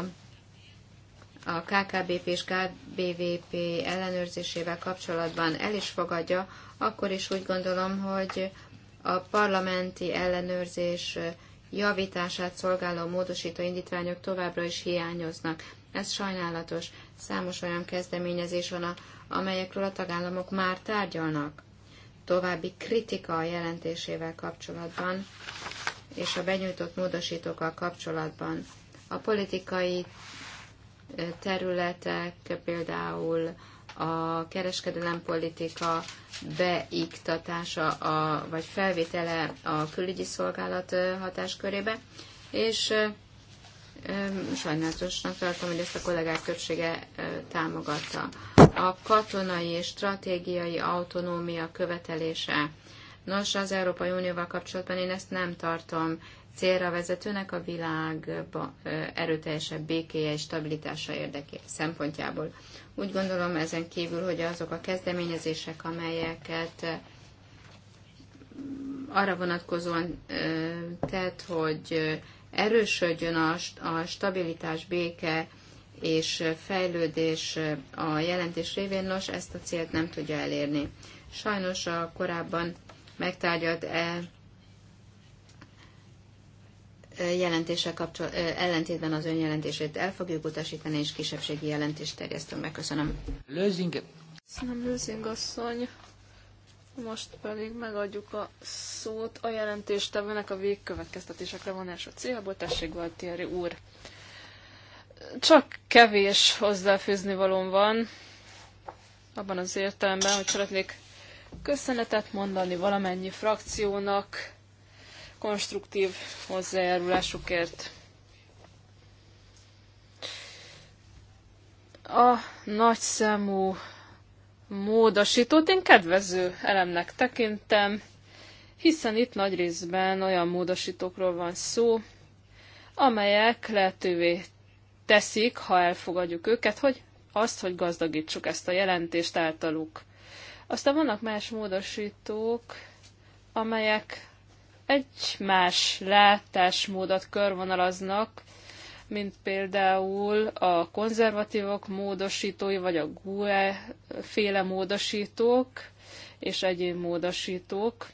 a KKBP és KBVP ellenőrzésével kapcsolatban el is fogadja, akkor is úgy gondolom, hogy a parlamenti ellenőrzés javítását szolgáló módosító indítványok továbbra is hiányoznak. Ez sajnálatos. Számos olyan kezdeményezés van, a, amelyekről a tagállamok már tárgyalnak. További kritika a jelentésével kapcsolatban és a benyújtott módosítókkal kapcsolatban. A politikai területek, például a kereskedelempolitika beiktatása a, vagy felvétele a külügyi szolgálat hatáskörébe, és Sajnálatosnak tartom, hogy ezt a kollégák többsége támogatta. A katonai és stratégiai autonómia követelése. Nos, az Európai Unióval kapcsolatban én ezt nem tartom célra vezetőnek a világ erőteljesebb békéje és stabilitása érdeké szempontjából. Úgy gondolom ezen kívül, hogy azok a kezdeményezések, amelyeket arra vonatkozóan tett, hogy erősödjön a, a stabilitás, béke és fejlődés a jelentés révén, nos, ezt a célt nem tudja elérni. Sajnos a korábban megtárgyalt e, e jelentése kapcsol, e ellentétben az ön jelentését el fogjuk utasítani, és kisebbségi jelentést terjesztünk meg. Köszönöm. Lőzing. Köszönöm, Lőzing asszony. Most pedig megadjuk a szót a jelentéstevőnek a végkövetkeztetésekre vonása célból. Tessék, Valtieri úr! Csak kevés hozzáfűzni valóm van, abban az értelemben, hogy szeretnék köszönetet mondani valamennyi frakciónak konstruktív hozzájárulásukért. A nagyszemú módosítót én kedvező elemnek tekintem, hiszen itt nagy részben olyan módosítókról van szó, amelyek lehetővé teszik, ha elfogadjuk őket, hogy azt, hogy gazdagítsuk ezt a jelentést általuk. Aztán vannak más módosítók, amelyek egy más látásmódot körvonalaznak, mint például a konzervatívok módosítói, vagy a GUE féle módosítók és egyéb módosítók.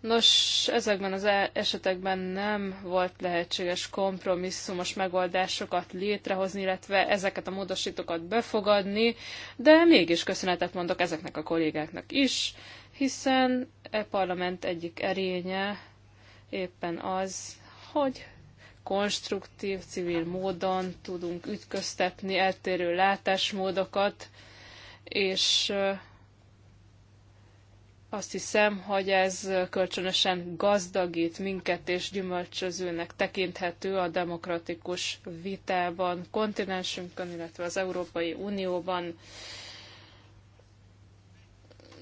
Nos, ezekben az e- esetekben nem volt lehetséges kompromisszumos megoldásokat létrehozni, illetve ezeket a módosítókat befogadni, de mégis köszönetet mondok ezeknek a kollégáknak is, hiszen e parlament egyik erénye éppen az, hogy konstruktív, civil módon tudunk ütköztetni eltérő látásmódokat, és azt hiszem, hogy ez kölcsönösen gazdagít minket, és gyümölcsözőnek tekinthető a demokratikus vitában, kontinensünkön, illetve az Európai Unióban.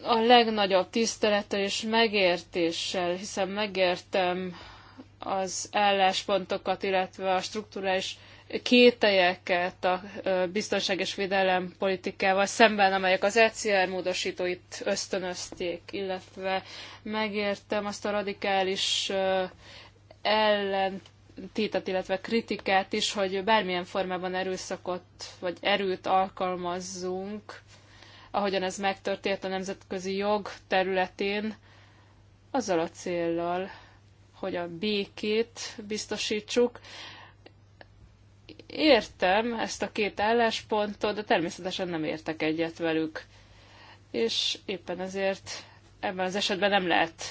A legnagyobb tisztelettel és megértéssel, hiszen megértem az álláspontokat, illetve a strukturális kételyeket a biztonság és védelem politikával szemben, amelyek az ECR módosítóit ösztönözték, illetve megértem azt a radikális ellentétet, illetve kritikát is, hogy bármilyen formában erőszakot vagy erőt alkalmazzunk, ahogyan ez megtörtént a nemzetközi jog területén, azzal a céllal, hogy a békét biztosítsuk. Értem ezt a két álláspontot, de természetesen nem értek egyet velük. És éppen ezért ebben az esetben nem lehet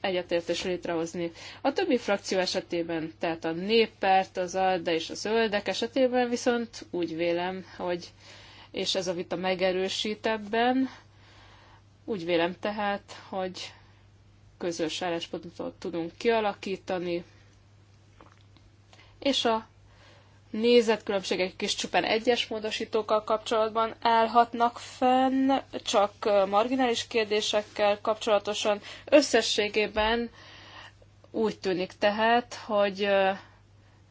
egyetértés létrehozni. A többi frakció esetében, tehát a néppárt, az ALDE és a zöldek esetében viszont úgy vélem, hogy, és ez a vita megerősít ebben, úgy vélem tehát, hogy közös álláspontot tudunk kialakítani, és a nézetkülönbségek is csupán egyes módosítókkal kapcsolatban állhatnak fenn, csak marginális kérdésekkel kapcsolatosan. Összességében úgy tűnik tehát, hogy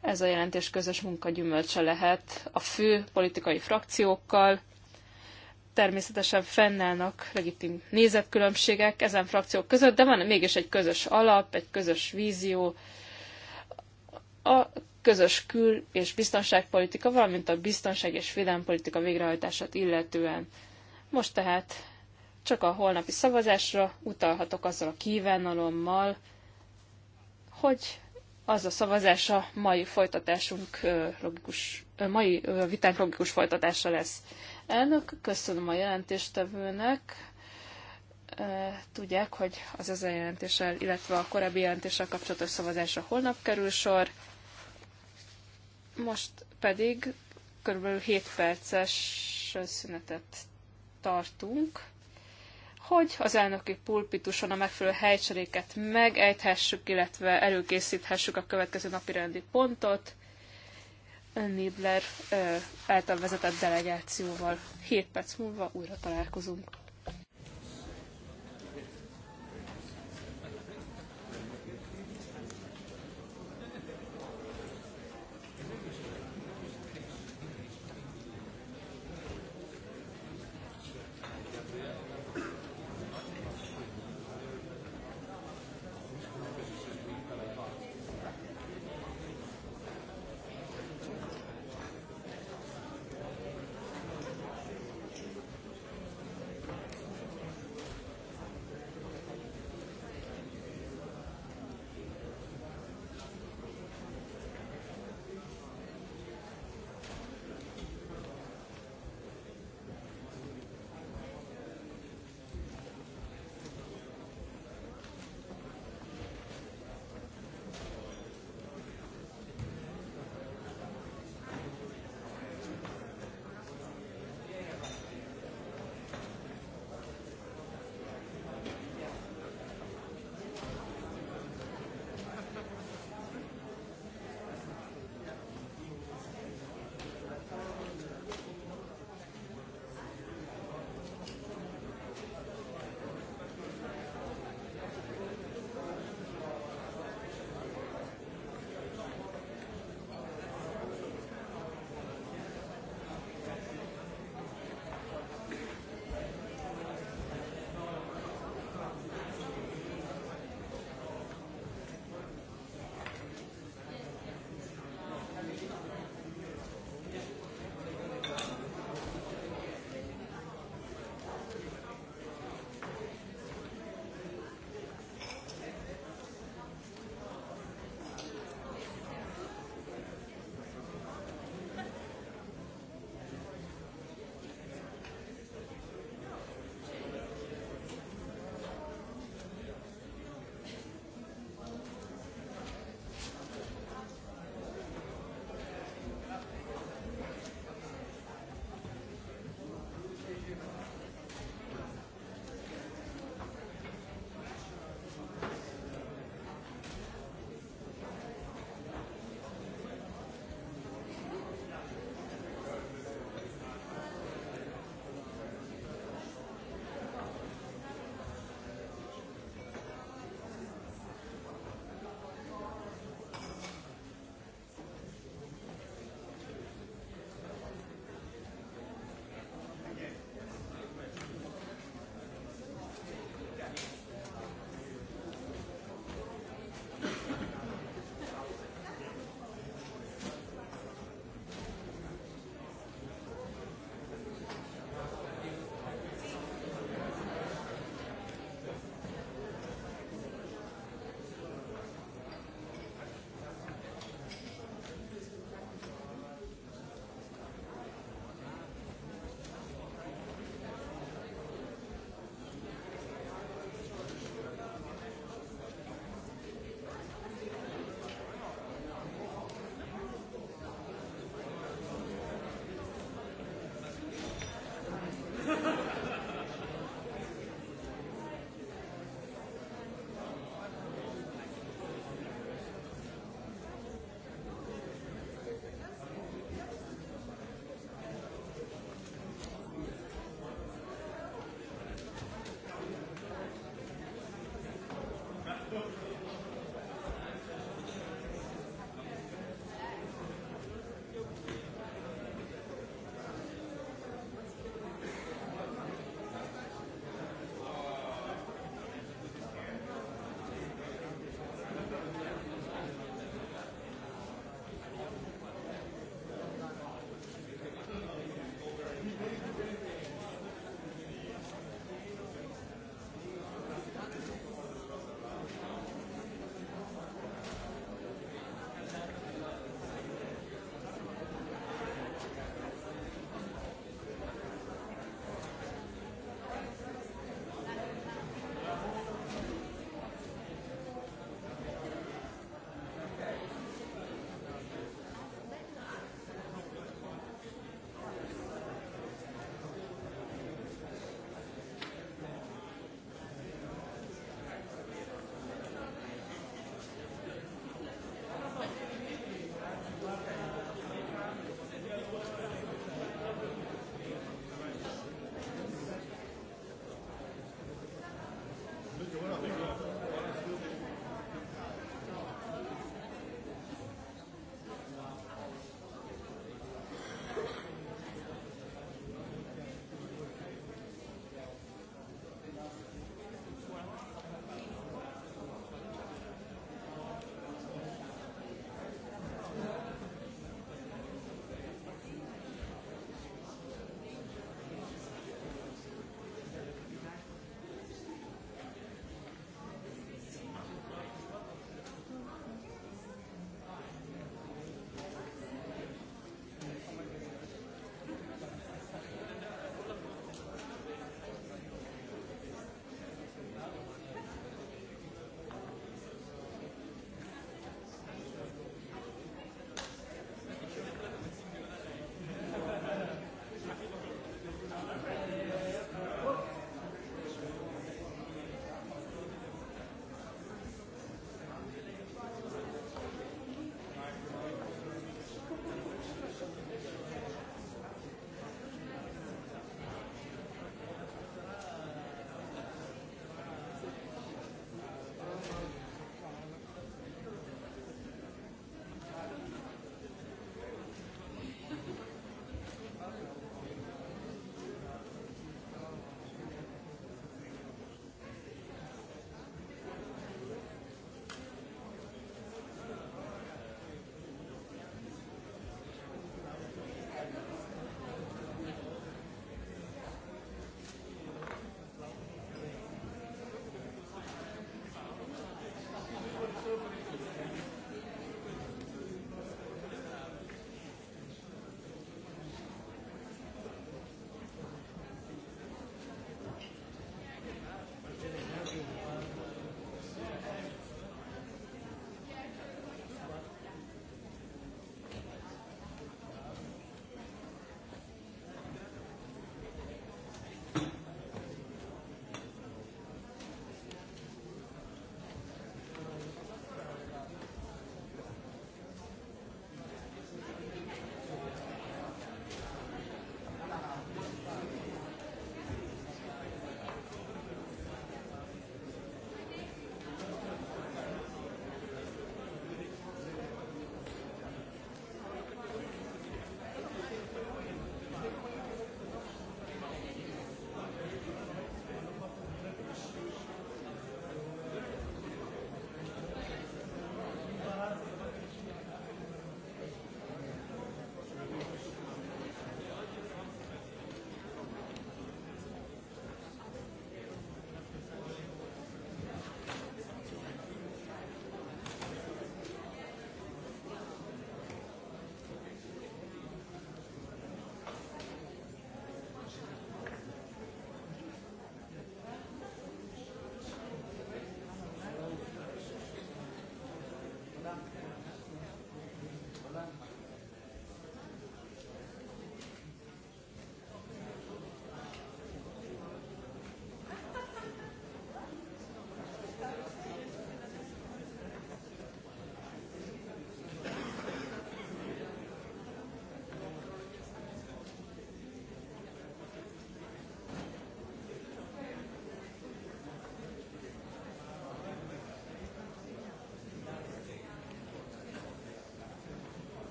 ez a jelentés közös munkagyümölcse lehet a fő politikai frakciókkal, természetesen fennállnak legitim nézetkülönbségek ezen frakciók között, de van mégis egy közös alap, egy közös vízió, a közös kül- és biztonságpolitika, valamint a biztonság és védelempolitika végrehajtását illetően. Most tehát csak a holnapi szavazásra utalhatok azzal a kívánalommal, hogy az a szavazás a mai folytatásunk logikus, mai vitánk logikus folytatása lesz. Elnök, köszönöm a jelentéstevőnek. Tudják, hogy az ezen jelentéssel, illetve a korábbi jelentéssel kapcsolatos szavazásra holnap kerül sor. Most pedig körülbelül 7 perces szünetet tartunk, hogy az elnöki pulpituson a megfelelő helycseréket megejthessük, illetve előkészíthessük a következő napi rendi pontot. Nibler által vezetett delegációval. Hét perc múlva újra találkozunk.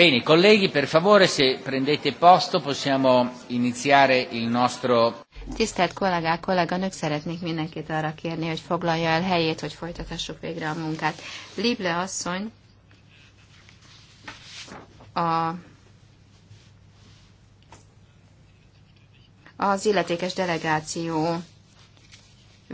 Bene, colleghi, per favore, se prendete posto, possiamo iniziare il nostro... Tisztelt kollégák, kolléganők, szeretnék mindenkit arra kérni, hogy foglalja el helyét, hogy folytathassuk végre a munkát. Lible asszony a, az illetékes delegáció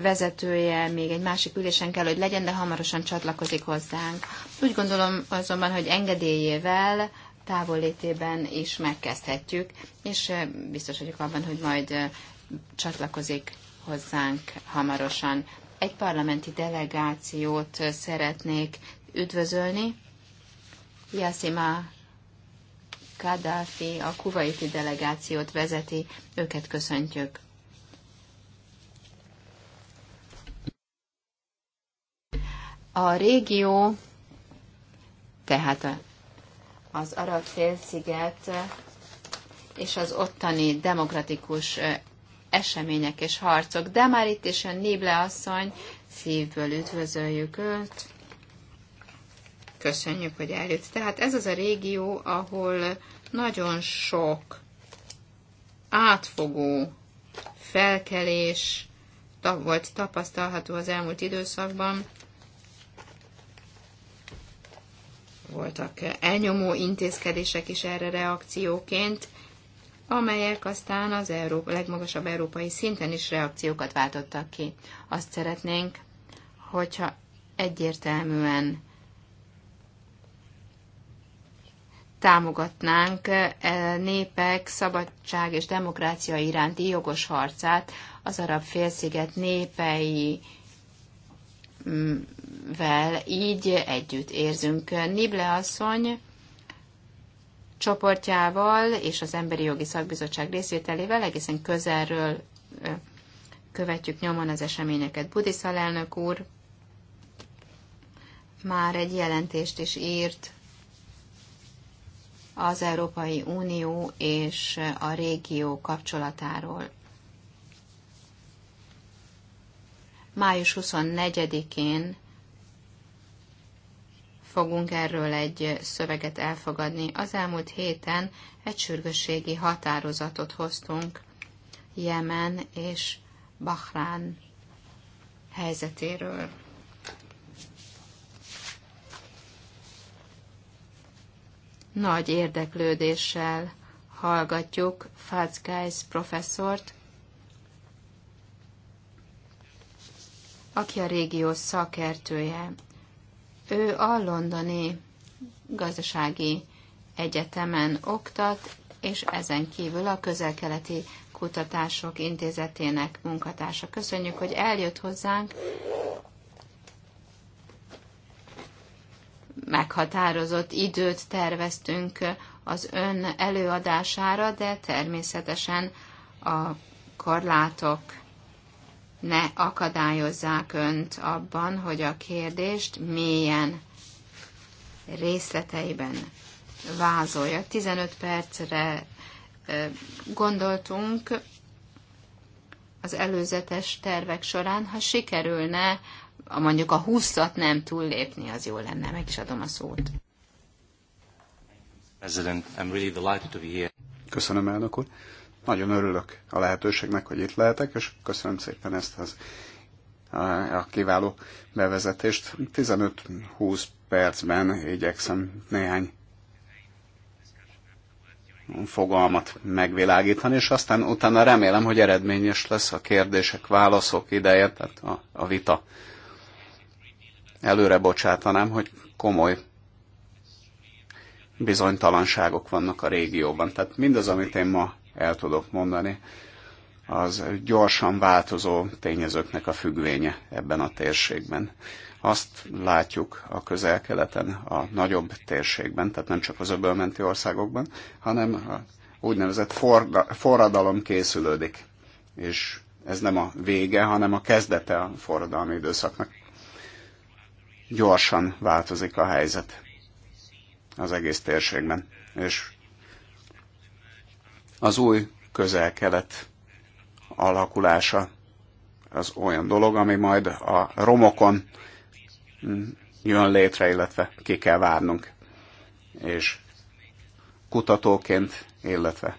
vezetője még egy másik ülésen kell, hogy legyen, de hamarosan csatlakozik hozzánk. Úgy gondolom azonban, hogy engedélyével távollétében is megkezdhetjük, és biztos vagyok abban, hogy majd csatlakozik hozzánk hamarosan. Egy parlamenti delegációt szeretnék üdvözölni. Yasima Kaddafi a kuvaiti delegációt vezeti, őket köszöntjük. A régió, tehát az arab félsziget és az ottani demokratikus események és harcok, de már itt is jön Nible asszony, szívből üdvözöljük őt. Köszönjük, hogy eljött. Tehát ez az a régió, ahol nagyon sok átfogó felkelés volt tapasztalható az elmúlt időszakban, voltak elnyomó intézkedések is erre reakcióként, amelyek aztán az Európa, legmagasabb európai szinten is reakciókat váltottak ki. Azt szeretnénk, hogyha egyértelműen támogatnánk eh, népek szabadság és demokrácia iránti jogos harcát az arab félsziget népei mm, vel így együtt érzünk. Nible asszony csoportjával és az Emberi Jogi Szakbizottság részvételével egészen közelről követjük nyomon az eseményeket. Budiszal elnök úr már egy jelentést is írt az Európai Unió és a régió kapcsolatáról. Május 24-én fogunk erről egy szöveget elfogadni. Az elmúlt héten egy sürgősségi határozatot hoztunk Jemen és Bahrán helyzetéről. Nagy érdeklődéssel hallgatjuk Fadzgeis professzort, aki a régió szakértője ő a londoni gazdasági egyetemen oktat, és ezen kívül a közelkeleti kutatások intézetének munkatársa. Köszönjük, hogy eljött hozzánk. Meghatározott időt terveztünk az ön előadására, de természetesen a korlátok ne akadályozzák önt abban, hogy a kérdést mélyen részleteiben vázolja. 15 percre gondoltunk az előzetes tervek során, ha sikerülne a mondjuk a 20-at nem túllépni, az jó lenne. Meg is adom a szót. Köszönöm, elnök úr. Nagyon örülök a lehetőségnek, hogy itt lehetek, és köszönöm szépen ezt az, a kiváló bevezetést. 15-20 percben igyekszem néhány fogalmat megvilágítani, és aztán utána remélem, hogy eredményes lesz a kérdések, válaszok ideje, tehát a, a vita. Előre bocsátanám, hogy komoly bizonytalanságok vannak a régióban. Tehát mindaz, amit én ma el tudok mondani, az gyorsan változó tényezőknek a függvénye ebben a térségben. Azt látjuk a közel-keleten, a nagyobb térségben, tehát nem csak az öbölmenti országokban, hanem a úgynevezett forda, forradalom készülődik. És ez nem a vége, hanem a kezdete a forradalmi időszaknak. Gyorsan változik a helyzet az egész térségben. És az új közel-kelet alakulása az olyan dolog, ami majd a romokon jön létre, illetve ki kell várnunk. És kutatóként, illetve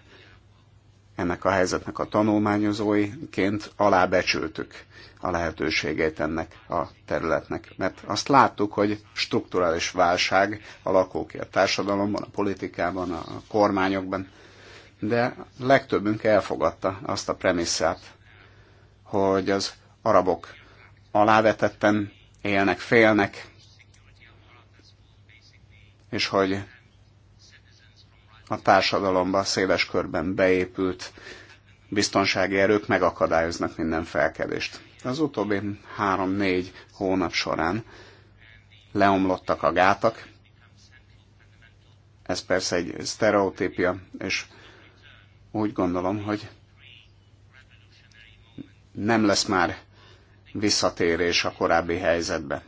ennek a helyzetnek a tanulmányozóiként alábecsültük a lehetőségét ennek a területnek. Mert azt láttuk, hogy strukturális válság alakul ki a társadalomban, a politikában, a kormányokban, de legtöbbünk elfogadta azt a premisszát, hogy az arabok alávetetten élnek, félnek, és hogy a társadalomba széles körben beépült biztonsági erők megakadályoznak minden felkedést. Az utóbbi három-négy hónap során leomlottak a gátak, ez persze egy sztereotípia, és úgy gondolom, hogy nem lesz már visszatérés a korábbi helyzetbe.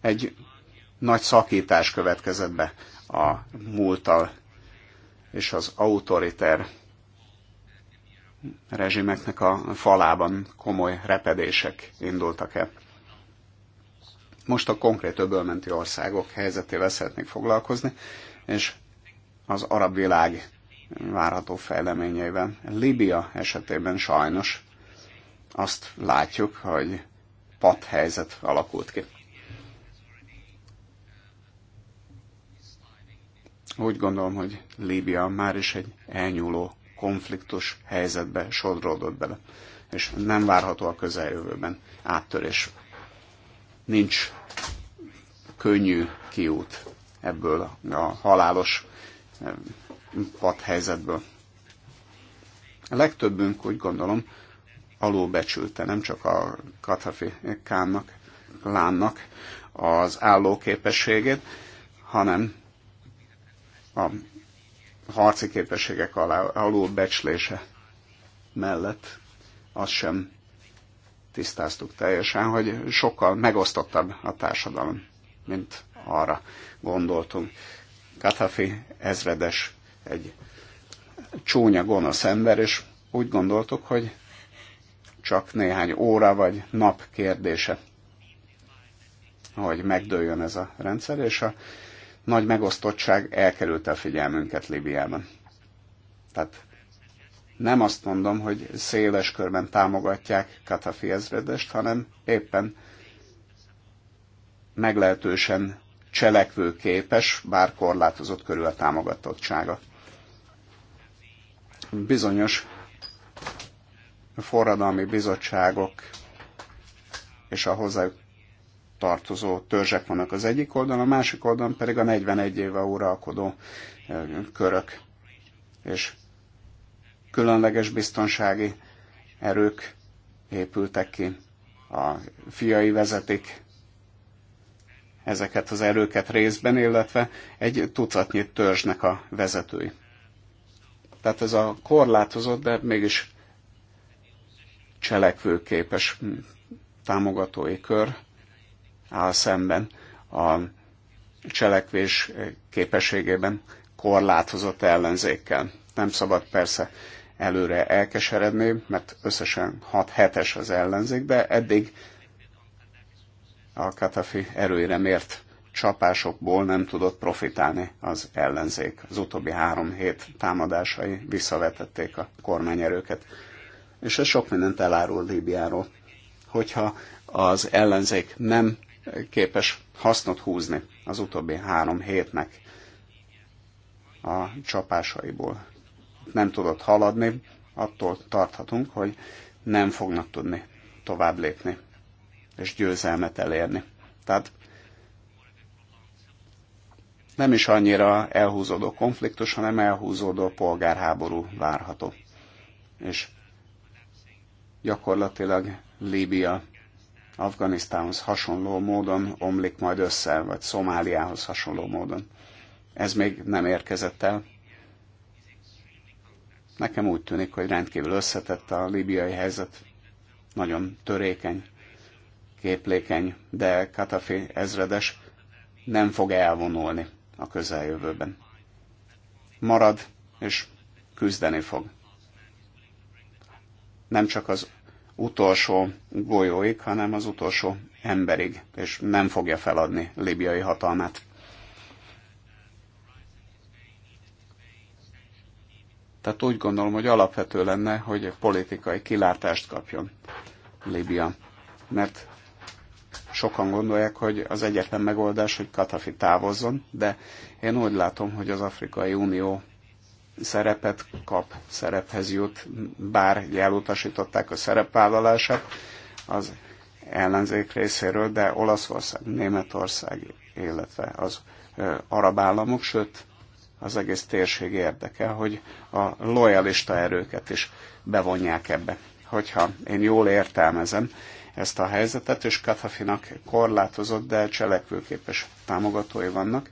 Egy nagy szakítás következett be a múltal és az autoriter rezsimeknek a falában komoly repedések indultak el. Most a konkrét öbölmenti országok helyzetével szeretnék foglalkozni, és az arab világ várható fejleményeivel. Libia esetében sajnos azt látjuk, hogy pat helyzet alakult ki. Úgy gondolom, hogy Líbia már is egy elnyúló konfliktus helyzetbe sodródott bele, és nem várható a közeljövőben áttörés. Nincs könnyű kiút ebből a halálos helyzetből. A legtöbbünk úgy gondolom alulbecsülte nem csak a Kathafi Kánnak, Lánnak az állóképességét, hanem a harci képességek alulbecslése mellett azt sem tisztáztuk teljesen, hogy sokkal megosztottabb a társadalom, mint arra gondoltunk. Kathafi ezredes, egy csúnya, gonosz ember, és úgy gondoltuk, hogy csak néhány óra vagy nap kérdése, hogy megdőljön ez a rendszer, és a nagy megosztottság elkerülte a figyelmünket Libiában. Tehát nem azt mondom, hogy széles körben támogatják Katafi ezredest, hanem éppen meglehetősen képes, bár korlátozott körül a támogatottsága. Bizonyos forradalmi bizottságok és a hozzájuk tartozó törzsek vannak az egyik oldalon, a másik oldalon pedig a 41 éve uralkodó körök és különleges biztonsági erők épültek ki. A fiai vezetik ezeket az erőket részben, illetve egy tucatnyi törzsnek a vezetői. Tehát ez a korlátozott, de mégis cselekvőképes hm, támogatói kör áll szemben a cselekvés képességében korlátozott ellenzékkel. Nem szabad persze előre elkeseredni, mert összesen 6 es az ellenzék, de eddig a Katafi erőire mért csapásokból nem tudott profitálni az ellenzék. Az utóbbi három hét támadásai visszavetették a kormányerőket. És ez sok mindent elárul Líbiáról. Hogyha az ellenzék nem képes hasznot húzni az utóbbi három hétnek a csapásaiból, nem tudott haladni, attól tarthatunk, hogy nem fognak tudni tovább lépni és győzelmet elérni. Tehát nem is annyira elhúzódó konfliktus, hanem elhúzódó polgárháború várható. És gyakorlatilag Líbia Afganisztánhoz hasonló módon omlik majd össze, vagy Szomáliához hasonló módon. Ez még nem érkezett el. Nekem úgy tűnik, hogy rendkívül összetett a líbiai helyzet, nagyon törékeny, képlékeny, de Katafi ezredes nem fog elvonulni a közeljövőben. Marad és küzdeni fog. Nem csak az utolsó golyóig, hanem az utolsó emberig, és nem fogja feladni libiai hatalmát. Tehát úgy gondolom, hogy alapvető lenne, hogy politikai kilátást kapjon Libia. Mert sokan gondolják, hogy az egyetlen megoldás, hogy Katafi távozzon, de én úgy látom, hogy az Afrikai Unió szerepet kap, szerephez jut, bár elutasították a szerepvállalását az ellenzék részéről, de Olaszország, Németország, illetve az arab államok, sőt az egész térség érdeke, hogy a lojalista erőket is bevonják ebbe. Hogyha én jól értelmezem, ezt a helyzetet, és kathafinak korlátozott, de cselekvőképes támogatói vannak,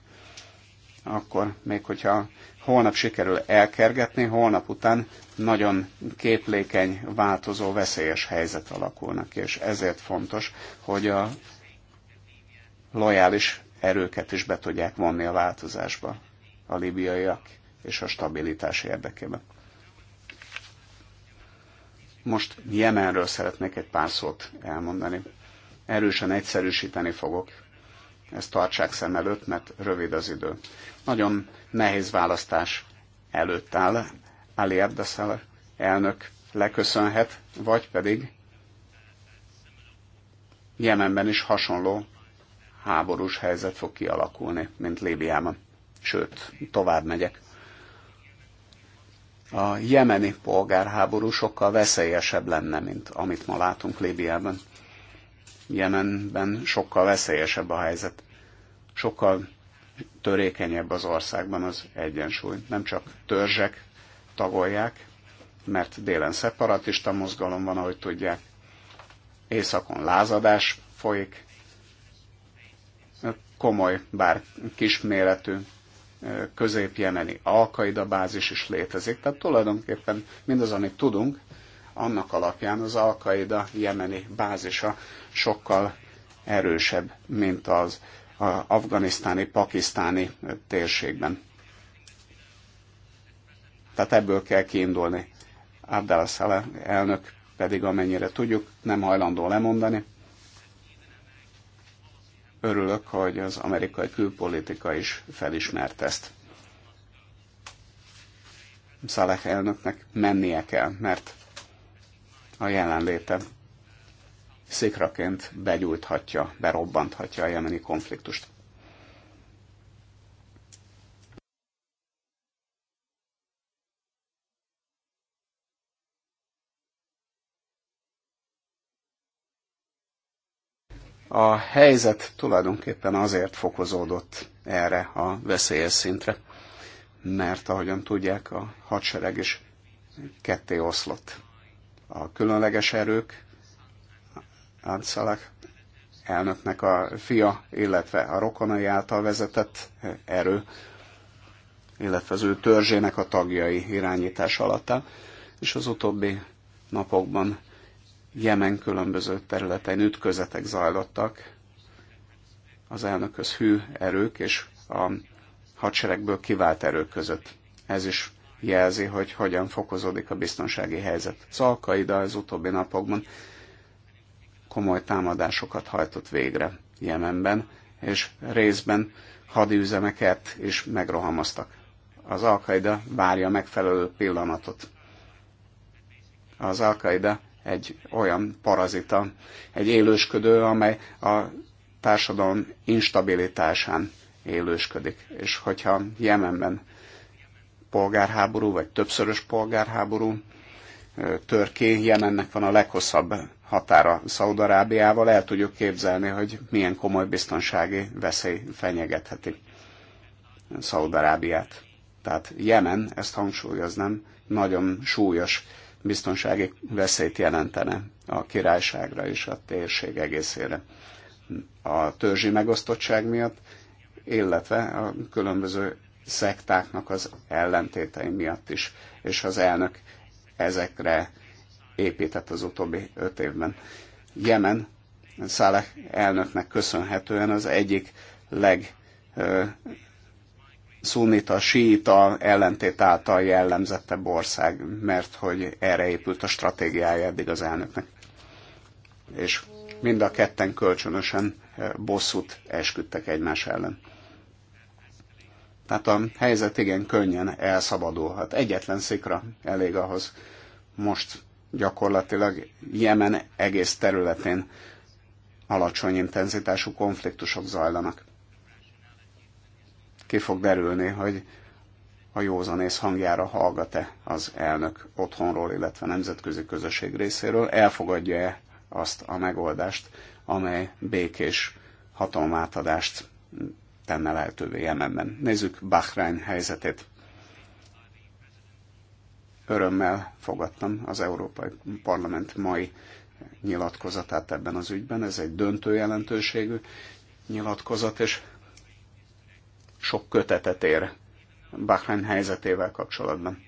akkor még hogyha holnap sikerül elkergetni, holnap után nagyon képlékeny, változó, veszélyes helyzet alakulnak, és ezért fontos, hogy a lojális erőket is be tudják vonni a változásba a libiaiak és a stabilitás érdekében. Most Jemenről szeretnék egy pár szót elmondani. Erősen egyszerűsíteni fogok. Ezt tartsák szem előtt, mert rövid az idő. Nagyon nehéz választás előtt áll. Ali Abdeszel elnök leköszönhet, vagy pedig Jemenben is hasonló háborús helyzet fog kialakulni, mint Líbiában. Sőt, tovább megyek a jemeni polgárháború sokkal veszélyesebb lenne, mint amit ma látunk Líbiában. Jemenben sokkal veszélyesebb a helyzet. Sokkal törékenyebb az országban az egyensúly. Nem csak törzsek tagolják, mert délen szeparatista mozgalom van, ahogy tudják. Északon lázadás folyik. Komoly, bár kisméretű közép-jemeni Alkaida bázis is létezik, tehát tulajdonképpen mindaz, amit tudunk, annak alapján az Alkaida jemeni bázisa sokkal erősebb, mint az afganisztáni, pakisztáni térségben. Tehát ebből kell kiindulni. Abdel Saleh elnök pedig amennyire tudjuk, nem hajlandó lemondani, örülök, hogy az amerikai külpolitika is felismert ezt. Szalek elnöknek mennie kell, mert a jelenléte szikraként begyújthatja, berobbanthatja a jemeni konfliktust. a helyzet tulajdonképpen azért fokozódott erre a veszélyes szintre, mert ahogyan tudják, a hadsereg is ketté oszlott. A különleges erők, Átszalak elnöknek a fia, illetve a rokonai által vezetett erő, illetve az ő törzsének a tagjai irányítás alatt és az utóbbi napokban Jemen különböző területein ütközetek zajlottak, az elnökhöz hű erők és a hadseregből kivált erők között. Ez is jelzi, hogy hogyan fokozódik a biztonsági helyzet. Szalkaida az utóbbi napokban komoly támadásokat hajtott végre Jemenben, és részben hadüzemeket is megrohamoztak. Az Alkaida várja megfelelő pillanatot. Az Alkaida egy olyan parazita, egy élősködő, amely a társadalom instabilitásán élősködik. És hogyha Jemenben polgárháború, vagy többszörös polgárháború tör ki, Jemennek van a leghosszabb határa Szaudarábiával, el tudjuk képzelni, hogy milyen komoly biztonsági veszély fenyegetheti Szaudarábiát. Tehát Jemen, ezt hangsúlyoznám, nagyon súlyos biztonsági veszélyt jelentene a királyságra és a térség egészére. A törzsi megosztottság miatt, illetve a különböző szektáknak az ellentétei miatt is, és az elnök ezekre épített az utóbbi öt évben. Jemen Szálek elnöknek köszönhetően az egyik leg szunita, síita ellentét által jellemzettebb ország, mert hogy erre épült a stratégiája eddig az elnöknek. És mind a ketten kölcsönösen eh, bosszút esküdtek egymás ellen. Tehát a helyzet igen könnyen elszabadulhat. Egyetlen szikra elég ahhoz. Most gyakorlatilag Jemen egész területén alacsony intenzitású konfliktusok zajlanak ki fog derülni, hogy a józanész hangjára hallgat-e az elnök otthonról, illetve nemzetközi közösség részéről, elfogadja-e azt a megoldást, amely békés hatalmátadást tenne lehetővé Jemenben. Nézzük Bahrány helyzetét. Örömmel fogadtam az Európai Parlament mai nyilatkozatát ebben az ügyben. Ez egy döntő jelentőségű nyilatkozat, és sok kötetet ér Bahrain helyzetével kapcsolatban.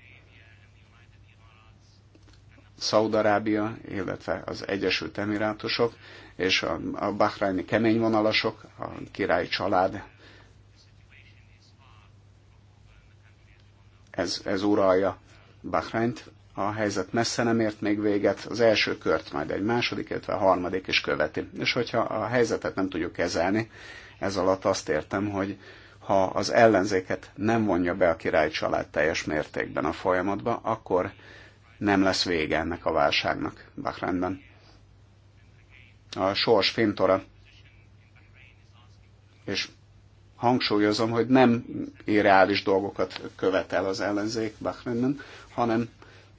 Szaudarábia, illetve az Egyesült Emirátusok és a, a bahraini keményvonalasok, a királyi család. Ez, ez uralja Bahreint A helyzet messze nem ért még véget, az első kört majd egy második, illetve a harmadik is követi. És hogyha a helyzetet nem tudjuk kezelni, ez alatt azt értem, hogy ha az ellenzéket nem vonja be a király család teljes mértékben a folyamatba, akkor nem lesz vége ennek a válságnak Bahreinben. A sors fintora, és hangsúlyozom, hogy nem irreális dolgokat követel az ellenzék Bahreinben, hanem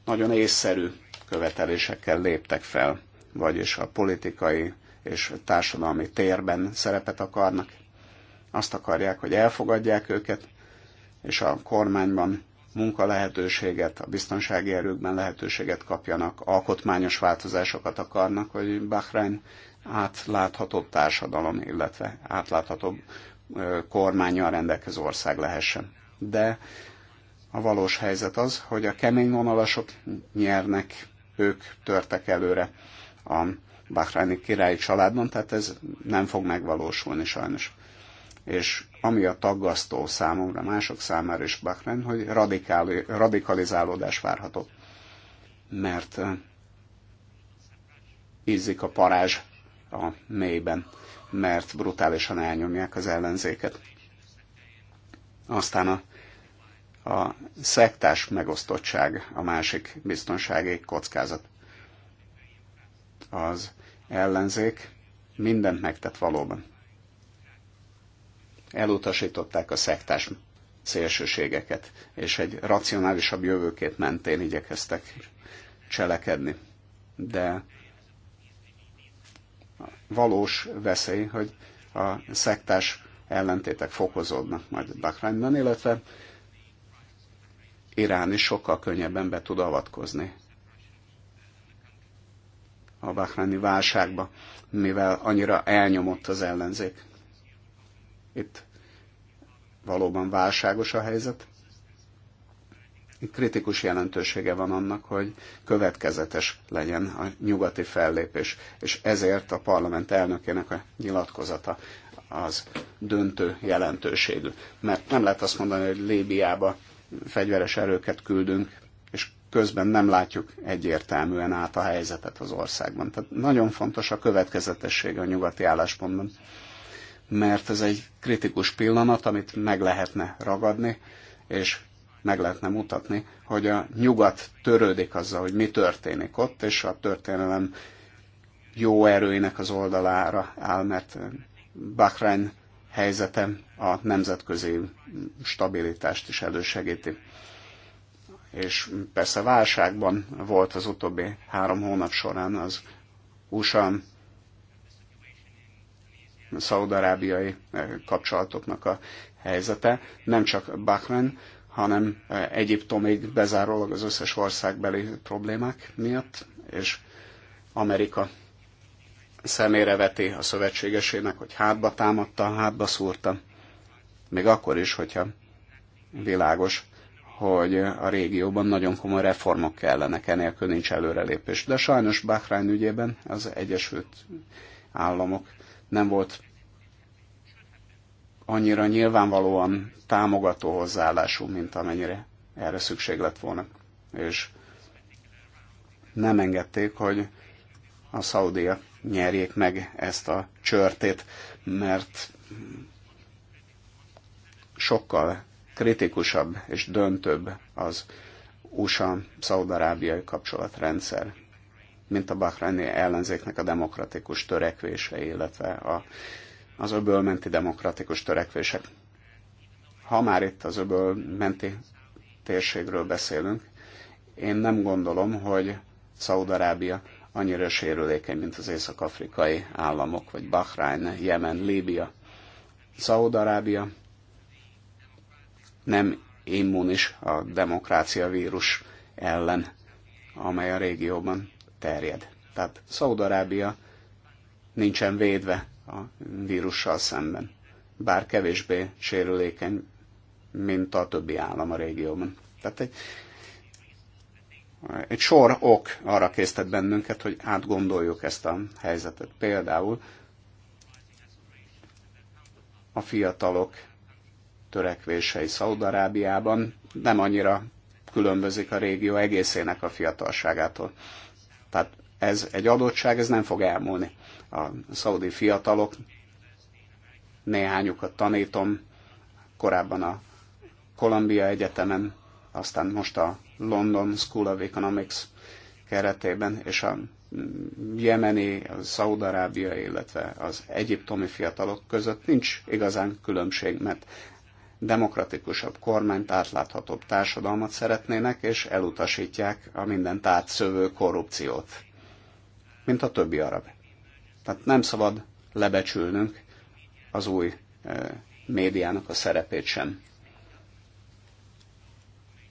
nagyon észszerű követelésekkel léptek fel, vagyis a politikai és társadalmi térben szerepet akarnak azt akarják, hogy elfogadják őket, és a kormányban munka lehetőséget, a biztonsági erőkben lehetőséget kapjanak, alkotmányos változásokat akarnak, hogy Bahrein átláthatóbb társadalom, illetve átláthatóbb kormányjal rendelkező ország lehessen. De a valós helyzet az, hogy a kemény vonalasok nyernek, ők törtek előre a Bahreini királyi családban, tehát ez nem fog megvalósulni sajnos és ami a taggasztó számomra, mások számára is Bahrein, hogy radikál, radikalizálódás várható. Mert ízik a parázs a mélyben, mert brutálisan elnyomják az ellenzéket. Aztán a, a szektás megosztottság a másik biztonsági kockázat. Az ellenzék mindent megtett valóban elutasították a szektás szélsőségeket, és egy racionálisabb jövőkép mentén igyekeztek cselekedni. De valós veszély, hogy a szektás ellentétek fokozódnak majd Bahreinben, illetve Irán is sokkal könnyebben be tud avatkozni a Bahreini válságba, mivel annyira elnyomott az ellenzék. Itt valóban válságos a helyzet. Kritikus jelentősége van annak, hogy következetes legyen a nyugati fellépés, és ezért a parlament elnökének a nyilatkozata az döntő jelentőségű. Mert nem lehet azt mondani, hogy Lébiába fegyveres erőket küldünk, és közben nem látjuk egyértelműen át a helyzetet az országban. Tehát nagyon fontos a következetesség a nyugati álláspontban mert ez egy kritikus pillanat, amit meg lehetne ragadni, és meg lehetne mutatni, hogy a nyugat törődik azzal, hogy mi történik ott, és a történelem jó erőinek az oldalára áll, mert Bahrain helyzete a nemzetközi stabilitást is elősegíti. És persze válságban volt az utóbbi három hónap során az USA szaudarábiai eh, kapcsolatoknak a helyzete. Nem csak Bahrein, hanem eh, Egyiptomig bezárólag az összes országbeli problémák miatt, és Amerika szemére veti a szövetségesének, hogy hátba támadta, hátba szúrta. Még akkor is, hogyha világos, hogy a régióban nagyon komoly reformok kellenek, enélkül nincs előrelépés. De sajnos Bahrain ügyében az Egyesült Államok nem volt annyira nyilvánvalóan támogató hozzáállású, mint amennyire erre szükség lett volna. És nem engedték, hogy a Szaudia nyerjék meg ezt a csörtét, mert sokkal kritikusabb és döntőbb az USA-Szaudarábiai kapcsolatrendszer mint a bahreini ellenzéknek a demokratikus törekvése, illetve a, az öbölmenti demokratikus törekvések. Ha már itt az öbölmenti térségről beszélünk, én nem gondolom, hogy Szaudarábia annyira sérülékeny, mint az észak-afrikai államok, vagy Bahrein, Jemen, Líbia. Szaudarábia nem immunis a demokrácia vírus ellen, amely a régióban terjed. Tehát Szaudarábia nincsen védve a vírussal szemben, bár kevésbé sérülékeny, mint a többi állam a régióban. Tehát egy, egy sor ok arra késztet bennünket, hogy átgondoljuk ezt a helyzetet. Például a fiatalok törekvései Szaudarábiában nem annyira különbözik a régió egészének a fiatalságától. Tehát ez egy adottság, ez nem fog elmúlni. A szaudi fiatalok, néhányukat tanítom, korábban a Columbia Egyetemen, aztán most a London School of Economics keretében, és a jemeni, a Szaudarábia, illetve az egyiptomi fiatalok között nincs igazán különbség, mert demokratikusabb kormányt, átláthatóbb társadalmat szeretnének, és elutasítják a mindent átszövő korrupciót, mint a többi arab. Tehát nem szabad lebecsülnünk az új e, médiának a szerepét sem,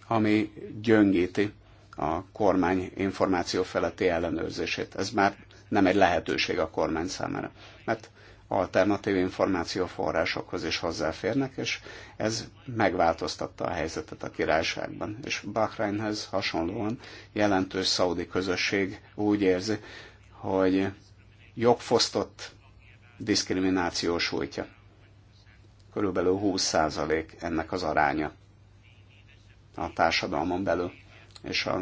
ami gyöngíti a kormány információ feletti ellenőrzését. Ez már nem egy lehetőség a kormány számára. Mert alternatív információforrásokhoz is hozzáférnek, és ez megváltoztatta a helyzetet a királyságban. És Bahreinhez hasonlóan jelentős szaudi közösség úgy érzi, hogy jogfosztott diszkrimináció sújtja. Körülbelül 20% ennek az aránya a társadalmon belül, és a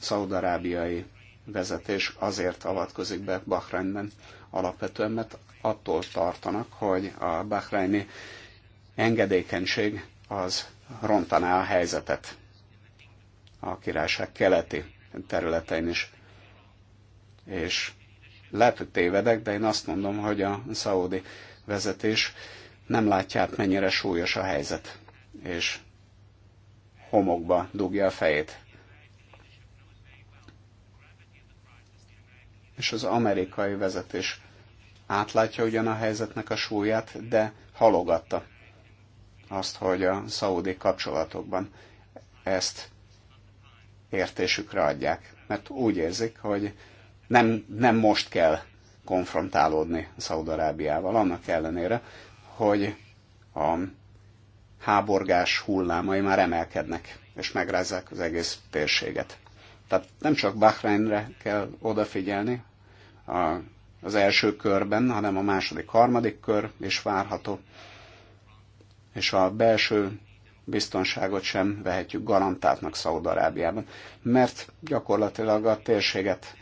szaudarábiai vezetés azért avatkozik be Bahreinben, alapvetően, mert attól tartanak, hogy a bahreini engedékenység az rontaná a helyzetet a királyság keleti területein is. És lehet, hogy tévedek, de én azt mondom, hogy a szaudi vezetés nem látja át, mennyire súlyos a helyzet, és homokba dugja a fejét. és az amerikai vezetés átlátja ugyan a helyzetnek a súlyát, de halogatta azt, hogy a szaudi kapcsolatokban ezt értésükre adják. Mert úgy érzik, hogy nem, nem most kell konfrontálódni Szaudarábiával, annak ellenére, hogy a háborgás hullámai már emelkednek, és megrázzák az egész térséget. Tehát nem csak Bahreinre kell odafigyelni, a, az első körben, hanem a második, harmadik kör is várható, és a belső biztonságot sem vehetjük garantáltnak Szaudarábiában, mert gyakorlatilag a térséget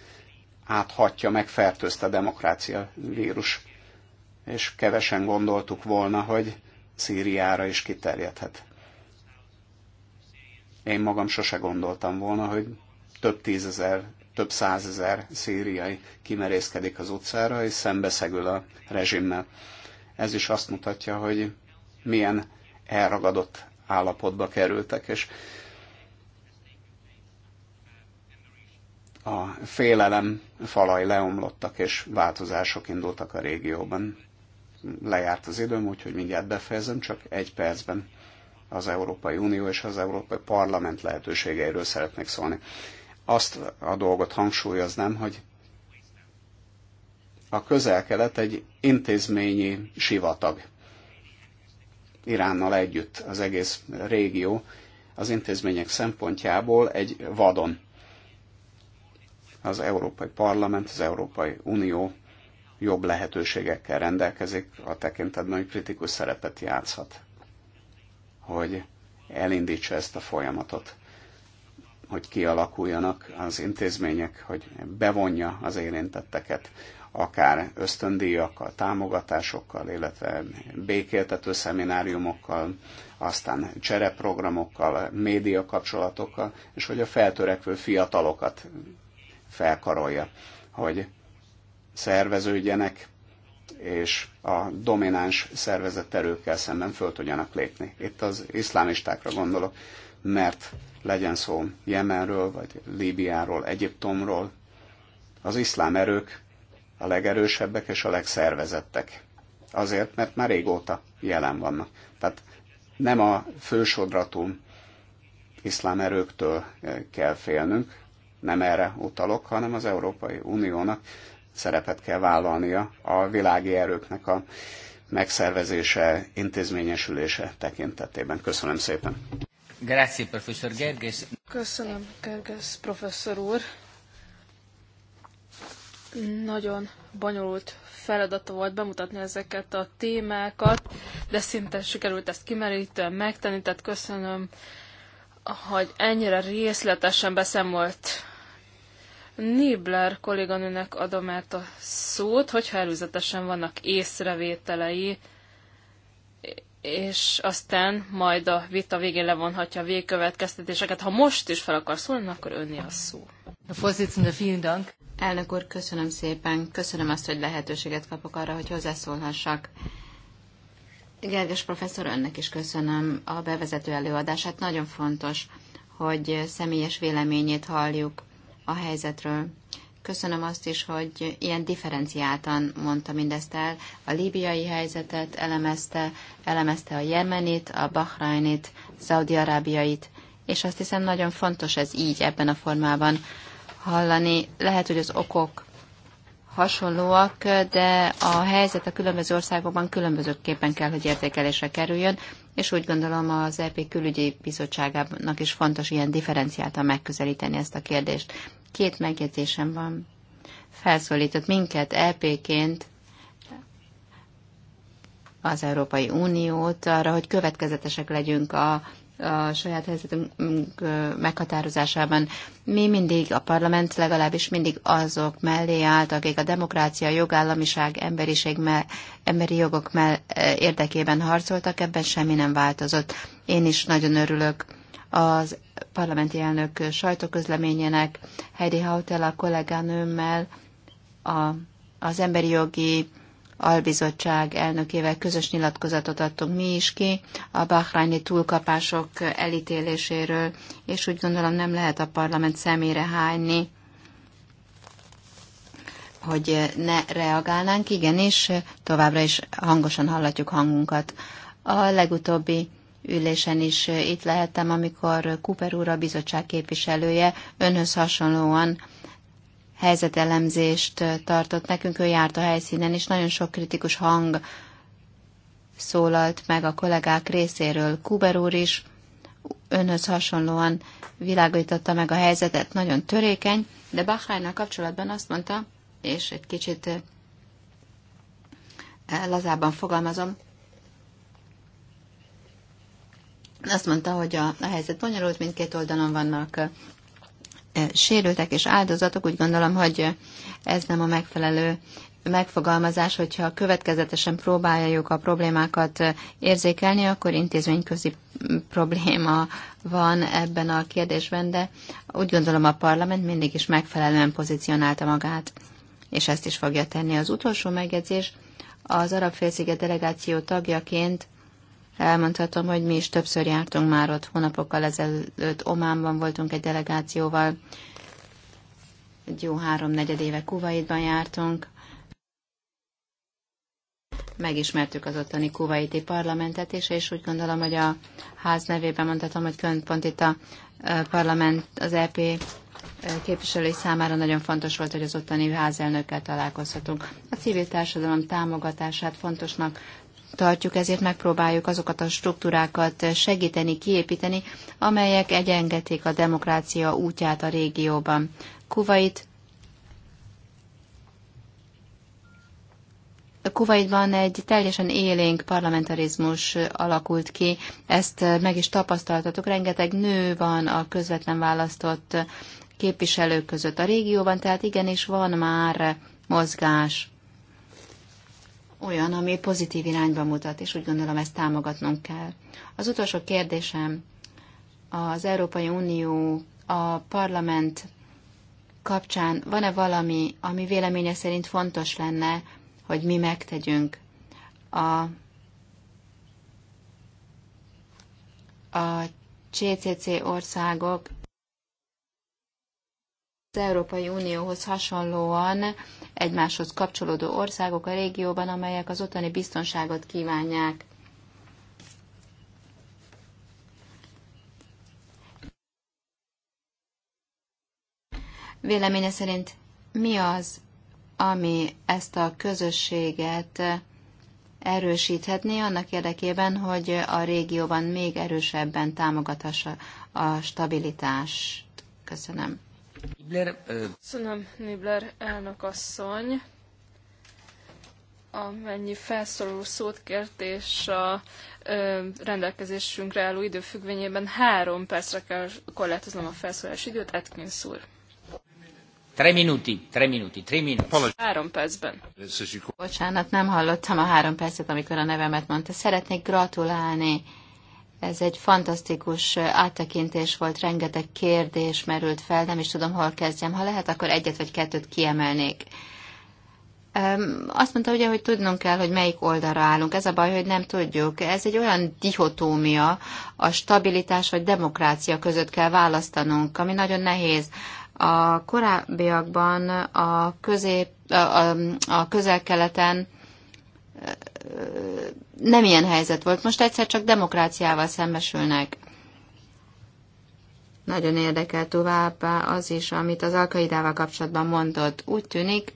áthatja, megfertőzte a demokrácia vírus, és kevesen gondoltuk volna, hogy Szíriára is kiterjedhet. Én magam sose gondoltam volna, hogy több tízezer több százezer szíriai kimerészkedik az utcára, és szembeszegül a rezsimmel. Ez is azt mutatja, hogy milyen elragadott állapotba kerültek, és a félelem falai leomlottak, és változások indultak a régióban. Lejárt az időm, úgyhogy mindjárt befejezem, csak egy percben az Európai Unió és az Európai Parlament lehetőségeiről szeretnék szólni azt a dolgot hangsúlyoznám, hogy a közel-kelet egy intézményi sivatag. Iránnal együtt az egész régió az intézmények szempontjából egy vadon. Az Európai Parlament, az Európai Unió jobb lehetőségekkel rendelkezik, a tekintetben, hogy kritikus szerepet játszhat, hogy elindítsa ezt a folyamatot hogy kialakuljanak az intézmények, hogy bevonja az érintetteket, akár ösztöndíjakkal, támogatásokkal, illetve békéltető szemináriumokkal, aztán csereprogramokkal, média kapcsolatokkal, és hogy a feltörekvő fiatalokat felkarolja, hogy szerveződjenek, és a domináns szervezett erőkkel szemben föl tudjanak lépni. Itt az iszlámistákra gondolok, mert legyen szó Jemenről, vagy Líbiáról, Egyiptomról, az iszlám erők a legerősebbek és a legszervezettek. Azért, mert már régóta jelen vannak. Tehát nem a fősodratú iszlám erőktől eh, kell félnünk, nem erre utalok, hanem az Európai Uniónak szerepet kell vállalnia a világi erőknek a megszervezése, intézményesülése tekintetében. Köszönöm szépen! Grazie, Gerges. Köszönöm, Gerges professzor úr. Nagyon bonyolult feladata volt bemutatni ezeket a témákat, de szinte sikerült ezt kimerítően megtenni, tehát köszönöm, hogy ennyire részletesen beszámolt Nibler kolléganőnek adom át a szót, hogyha előzetesen vannak észrevételei és aztán majd a vita végén levonhatja a végkövetkeztetéseket. Ha most is fel akar szólni, akkor önni a szó. A Vorsitzende, vielen Dank. Elnök úr, köszönöm szépen. Köszönöm azt, hogy lehetőséget kapok arra, hogy hozzászólhassak. Gerges professzor, önnek is köszönöm a bevezető előadását. Nagyon fontos, hogy személyes véleményét halljuk a helyzetről. Köszönöm azt is, hogy ilyen differenciáltan mondta mindezt el. A líbiai helyzetet elemezte, elemezte a jemenit, a bahrainit, szaudi-arábiait, és azt hiszem nagyon fontos ez így ebben a formában hallani. Lehet, hogy az okok hasonlóak, de a helyzet a különböző országokban különbözőképpen kell, hogy értékelésre kerüljön, és úgy gondolom az EP külügyi bizottságának is fontos ilyen differenciáltan megközelíteni ezt a kérdést. Két megjegyzésem van. Felszólított minket EP-ként az Európai Uniót arra, hogy következetesek legyünk a, a saját helyzetünk meghatározásában. Mi mindig, a parlament legalábbis mindig azok mellé állt, akik a demokrácia, jogállamiság, emberiség, me, emberi jogok érdekében harcoltak, ebben semmi nem változott. Én is nagyon örülök az parlamenti elnök sajtóközleményének, Heidi a kolléganőmmel, a, az Emberi Jogi Albizottság elnökével közös nyilatkozatot adtunk mi is ki a bahrányi túlkapások elítéléséről, és úgy gondolom nem lehet a parlament szemére hányni, hogy ne reagálnánk. Igenis, továbbra is hangosan hallatjuk hangunkat. A legutóbbi ülésen is itt lehettem, amikor Cooper úr a bizottság képviselője önhöz hasonlóan helyzetelemzést tartott nekünk, ő járt a helyszínen, és nagyon sok kritikus hang szólalt meg a kollégák részéről. Kuber úr is önhöz hasonlóan világította meg a helyzetet, nagyon törékeny, de Bahrájnál kapcsolatban azt mondta, és egy kicsit eh, lazában fogalmazom, Azt mondta, hogy a, a helyzet bonyolult, mindkét oldalon vannak sérültek és áldozatok. Úgy gondolom, hogy ez nem a megfelelő megfogalmazás, hogyha következetesen próbáljuk a problémákat érzékelni, akkor intézményközi probléma van ebben a kérdésben, de úgy gondolom a parlament mindig is megfelelően pozícionálta magát, és ezt is fogja tenni. Az utolsó megjegyzés az arab félsziget delegáció tagjaként Elmondhatom, hogy mi is többször jártunk már ott, hónapokkal ezelőtt Ománban voltunk egy delegációval, egy jó három-negyed éve Kuwaitban jártunk, megismertük az ottani kuwaiti parlamentet is, és úgy gondolom, hogy a ház nevében mondhatom, hogy pont itt a parlament, az EP képviselői számára nagyon fontos volt, hogy az ottani házelnökkel találkozhatunk. A civil társadalom támogatását fontosnak tartjuk, ezért megpróbáljuk azokat a struktúrákat segíteni, kiépíteni, amelyek egyengetik a demokrácia útját a régióban. Kuwait Kuwaitban egy teljesen élénk parlamentarizmus alakult ki, ezt meg is tapasztaltatok, rengeteg nő van a közvetlen választott képviselők között a régióban, tehát igenis van már mozgás olyan, ami pozitív irányba mutat, és úgy gondolom ezt támogatnunk kell. Az utolsó kérdésem az Európai Unió, a parlament kapcsán van-e valami, ami véleménye szerint fontos lenne, hogy mi megtegyünk a, a CCC országok az Európai Unióhoz hasonlóan egymáshoz kapcsolódó országok a régióban, amelyek az otthoni biztonságot kívánják. Véleménye szerint mi az, ami ezt a közösséget erősíthetné annak érdekében, hogy a régióban még erősebben támogathassa a stabilitást? Köszönöm. Nibler, Köszönöm, Nibler elnök asszony. Amennyi felszólaló szót kért, és a rendelkezésünkre álló idő függvényében három percre kell korlátoznom a felszólás időt. Atkins úr. Tre minuti, tre minuti, tre minuti. Három percben. Bocsánat, nem hallottam a három percet, amikor a nevemet mondta. Szeretnék gratulálni ez egy fantasztikus áttekintés volt, rengeteg kérdés merült fel, nem is tudom, hol kezdjem. Ha lehet, akkor egyet vagy kettőt kiemelnék. Azt mondta ugye, hogy tudnunk kell, hogy melyik oldalra állunk. Ez a baj, hogy nem tudjuk. Ez egy olyan dihotómia, a stabilitás vagy demokrácia között kell választanunk, ami nagyon nehéz. A korábbiakban a, közép, a, a, a közel-keleten nem ilyen helyzet volt. Most egyszer csak demokráciával szembesülnek. Nagyon érdekel továbbá az is, amit az Alkaidával kapcsolatban mondott. Úgy tűnik,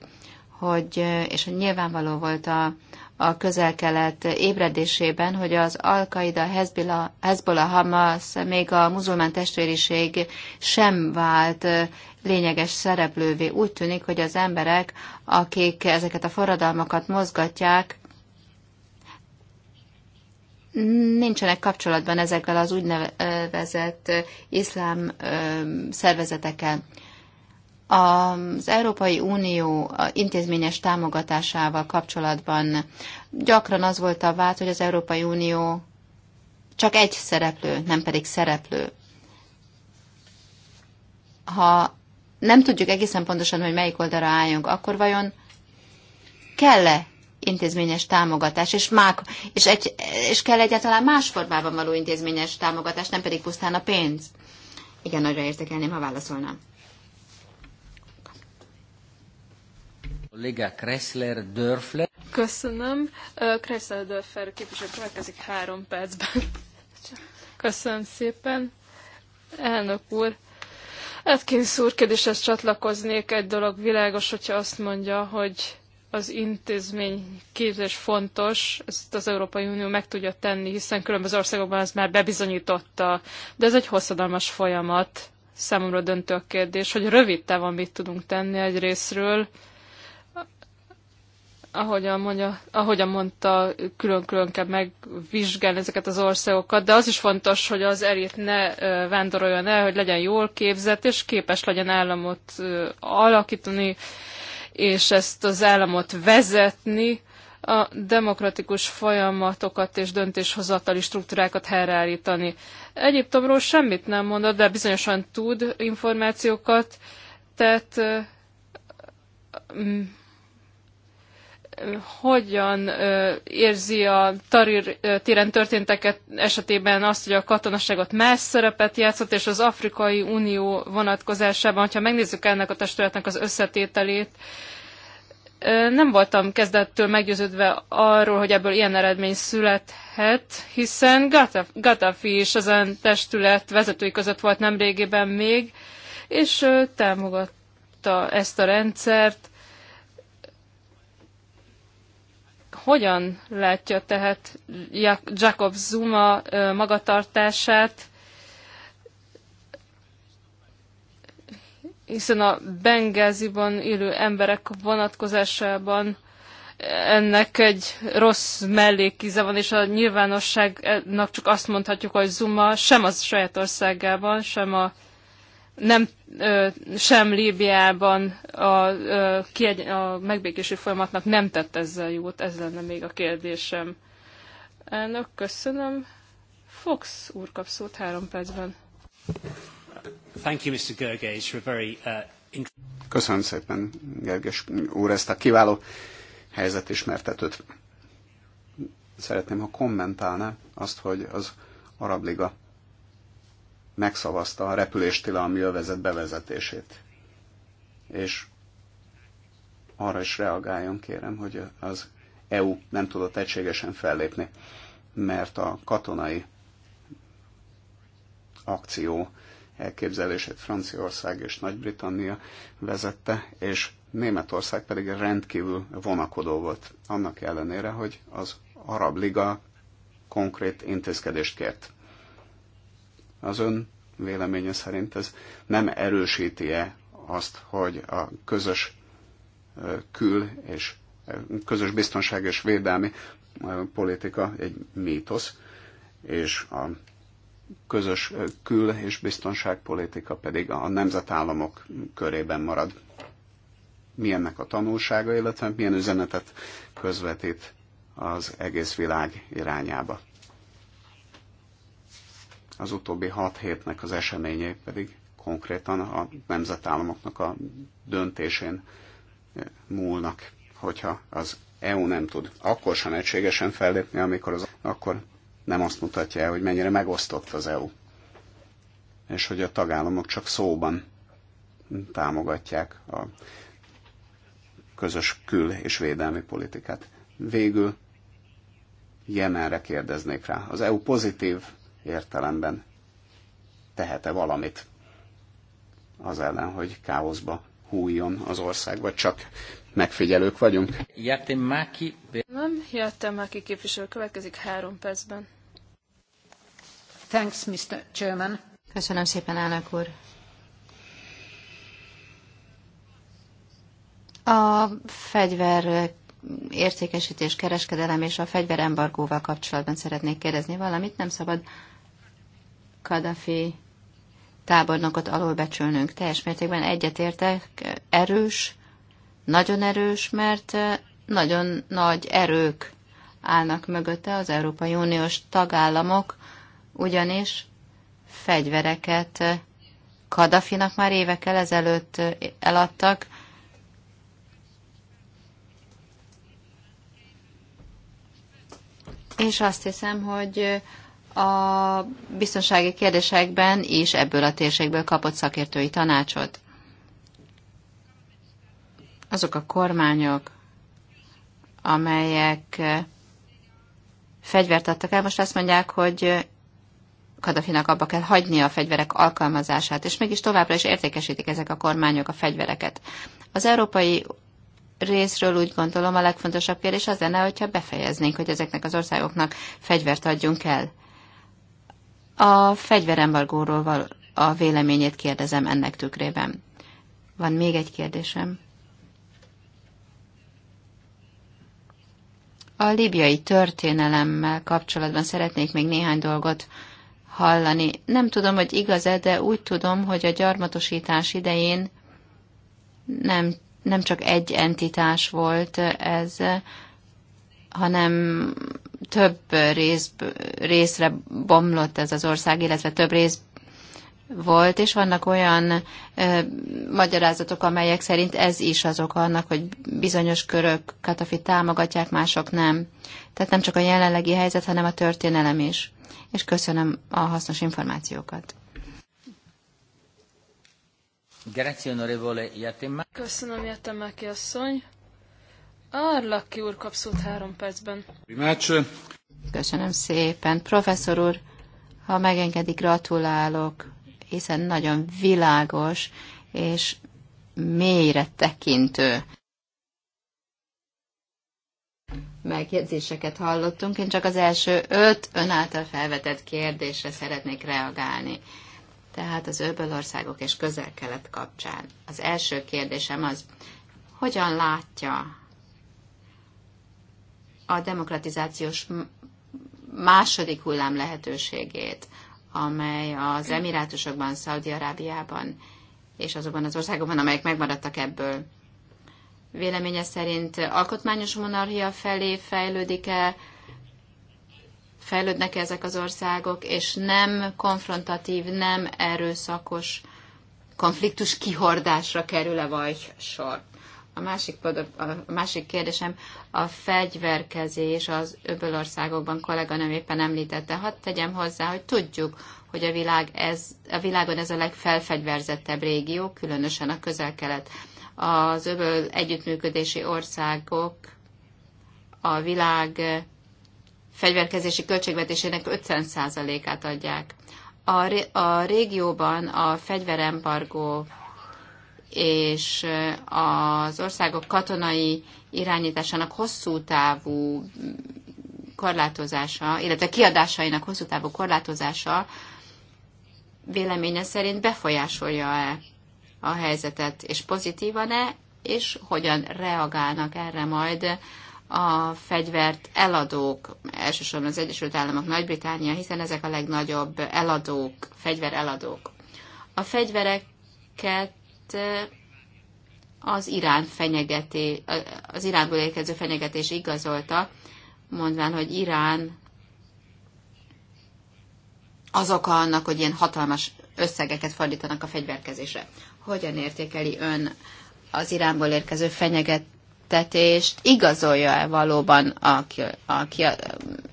hogy, és hogy nyilvánvaló volt a, a közel-kelet ébredésében, hogy az Al-Qaida, Hezbollah, Hamas, még a muzulmán testvériség sem vált lényeges szereplővé. Úgy tűnik, hogy az emberek, akik ezeket a forradalmakat mozgatják, nincsenek kapcsolatban ezekkel az úgynevezett iszlám szervezetekkel. Az Európai Unió intézményes támogatásával kapcsolatban gyakran az volt a vád, hogy az Európai Unió csak egy szereplő, nem pedig szereplő. Ha nem tudjuk egészen pontosan, hogy melyik oldalra álljunk, akkor vajon kell-e intézményes támogatás, és, mák, és, egy, és kell egyáltalán más formában való intézményes támogatás, nem pedig pusztán a pénz. Igen, nagyra értékelném, ha válaszolnám. Kollega Kressler Dörfler. Köszönöm. Kressler Dörfler képviselő következik három percben. Köszönöm szépen. Elnök úr, Atkins úr kérdéshez csatlakoznék. Egy dolog világos, hogyha azt mondja, hogy az intézmény képzés fontos, ezt az Európai Unió meg tudja tenni, hiszen különböző országokban ez már bebizonyította, de ez egy hosszadalmas folyamat. Számomra döntő a kérdés, hogy rövid távon mit tudunk tenni egy részről, ahogyan, mondja, ahogyan mondta, külön-külön kell megvizsgálni ezeket az országokat, de az is fontos, hogy az erit ne vándoroljon el, hogy legyen jól képzett, és képes legyen államot alakítani, és ezt az államot vezetni, a demokratikus folyamatokat és döntéshozatali struktúrákat helyreállítani. Egyiptomról semmit nem mondott, de bizonyosan tud információkat, tehát hogyan érzi a Tarir téren történteket esetében azt, hogy a katonaságot más szerepet játszott, és az Afrikai Unió vonatkozásában, ha megnézzük ennek a testületnek az összetételét, nem voltam kezdettől meggyőződve arról, hogy ebből ilyen eredmény születhet, hiszen Gaddafi is ezen testület vezetői között volt nemrégiben még, és támogatta ezt a rendszert, Hogyan látja tehát Jacob Zuma magatartását, hiszen a Bengáziban élő emberek vonatkozásában ennek egy rossz mellékíze van, és a nyilvánosságnak csak azt mondhatjuk, hogy Zuma sem az saját országában, sem a nem sem Líbiában a, a megbékési folyamatnak nem tett ezzel jót, ez lenne még a kérdésem. Elnök, köszönöm. Fox úr kap szót három percben. Thank you, Mr. Gerges, for very, uh, Köszönöm szépen, Gerges úr, ezt a kiváló helyzetismertetőt. ismertetőt. Szeretném, ha kommentálná azt, hogy az Arab Liga megszavazta a repüléstilalmi övezet bevezetését. És arra is reagáljon, kérem, hogy az EU nem tudott egységesen fellépni, mert a katonai akció elképzelését Franciaország és Nagy-Britannia vezette, és Németország pedig rendkívül vonakodó volt, annak ellenére, hogy az Arab Liga konkrét intézkedést kért. Az ön véleménye szerint ez nem erősíti-e azt, hogy a közös kül és közös biztonság és védelmi politika egy mítosz, és a közös kül- és biztonságpolitika pedig a nemzetállamok körében marad. Mi ennek a tanulsága, illetve milyen üzenetet közvetít az egész világ irányába? az utóbbi hat hétnek az eseményei pedig konkrétan a nemzetállamoknak a döntésén eh, múlnak, hogyha az EU nem tud akkor sem egységesen fellépni, amikor az, akkor nem azt mutatja el, hogy mennyire megosztott az EU. És hogy a tagállamok csak szóban támogatják a közös kül- és védelmi politikát. Végül Jemenre kérdeznék rá. Az EU pozitív értelemben tehet-e valamit az ellen, hogy káoszba hújjon az ország, vagy csak megfigyelők vagyunk. Jatemaki. Nem, Jatemaki képviselő következik három percben. Thanks, Mr. Chairman. Köszönöm szépen, elnök úr. A fegyver értékesítés, kereskedelem és a fegyverembargóval kapcsolatban szeretnék kérdezni valamit. Nem szabad Kadafi tábornokot alulbecsülnünk. Teljes mértékben egyetértek, erős, nagyon erős, mert nagyon nagy erők állnak mögötte az Európai Uniós tagállamok, ugyanis fegyvereket Kadafinak már évekkel ezelőtt eladtak, és azt hiszem, hogy a biztonsági kérdésekben is ebből a térségből kapott szakértői tanácsot. Azok a kormányok, amelyek fegyvert adtak el, most azt mondják, hogy Kadafinak abba kell hagyni a fegyverek alkalmazását, és mégis továbbra is értékesítik ezek a kormányok a fegyvereket. Az Európai részről úgy gondolom a legfontosabb kérdés az lenne, hogyha befejeznénk, hogy ezeknek az országoknak fegyvert adjunk el. A fegyverembargóról a véleményét kérdezem ennek tükrében. Van még egy kérdésem. A libiai történelemmel kapcsolatban szeretnék még néhány dolgot hallani. Nem tudom, hogy igaz-e, de úgy tudom, hogy a gyarmatosítás idején nem nem csak egy entitás volt ez, hanem több rész, részre bomlott ez az ország, illetve több rész volt, és vannak olyan ö, magyarázatok, amelyek szerint ez is az oka annak, hogy bizonyos körök Katafit támogatják, mások nem. Tehát nem csak a jelenlegi helyzet, hanem a történelem is. És köszönöm a hasznos információkat. Köszönöm, Jatemáki asszony. Arlaki úr kap szót három percben. Köszönöm szépen. Professzor úr, ha megengedik, gratulálok, hiszen nagyon világos és mélyre tekintő megjegyzéseket hallottunk. Én csak az első öt ön által felvetett kérdésre szeretnék reagálni tehát az öbölországok és közel-kelet kapcsán. Az első kérdésem az, hogyan látja a demokratizációs második hullám lehetőségét, amely az Emirátusokban, Szaudi-Arábiában és azokban az országokban, amelyek megmaradtak ebből. Véleménye szerint alkotmányos monarchia felé fejlődik-e fejlődnek ezek az országok, és nem konfrontatív, nem erőszakos konfliktus kihordásra kerül-e vagy sor. A másik, a másik kérdésem a fegyverkezés az országokban, kollega, nem éppen említette. Hadd tegyem hozzá, hogy tudjuk, hogy a, világ ez, a világon ez a legfelfegyverzettebb régió, különösen a közel-kelet. Az öböl együttműködési országok a világ fegyverkezési költségvetésének 50%-át adják. A, ré, a régióban a fegyverembargó és az országok katonai irányításának hosszú távú korlátozása, illetve kiadásainak hosszú távú korlátozása véleménye szerint befolyásolja-e a helyzetet, és pozitívan-e, és hogyan reagálnak erre majd a fegyvert eladók, elsősorban az Egyesült Államok, Nagy-Británia, hiszen ezek a legnagyobb eladók, fegyvereladók. eladók. A fegyvereket eh, az Irán fenyegeté, eh, az Iránból érkező fenyegetés igazolta, mondván, hogy Irán az oka annak, hogy ilyen hatalmas összegeket fordítanak a fegyverkezésre. Hogyan értékeli ön az Iránból érkező fenyegetést? befektetést igazolja-e valóban a, a, a, a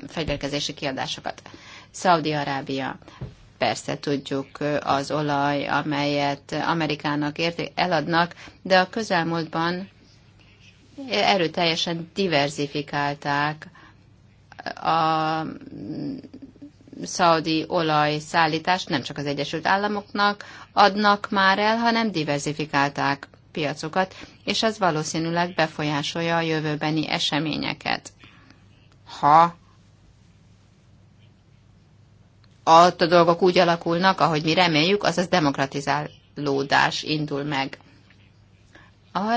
fegyverkezési kiadásokat. Szaudi-Arábia. Persze tudjuk az olaj, amelyet Amerikának érték, eladnak, de a közelmúltban erőteljesen diverzifikálták a szaudi szállítást nem csak az Egyesült Államoknak adnak már el, hanem diverzifikálták piacokat, és ez valószínűleg befolyásolja a jövőbeni eseményeket. Ha a dolgok úgy alakulnak, ahogy mi reméljük, azaz demokratizálódás indul meg.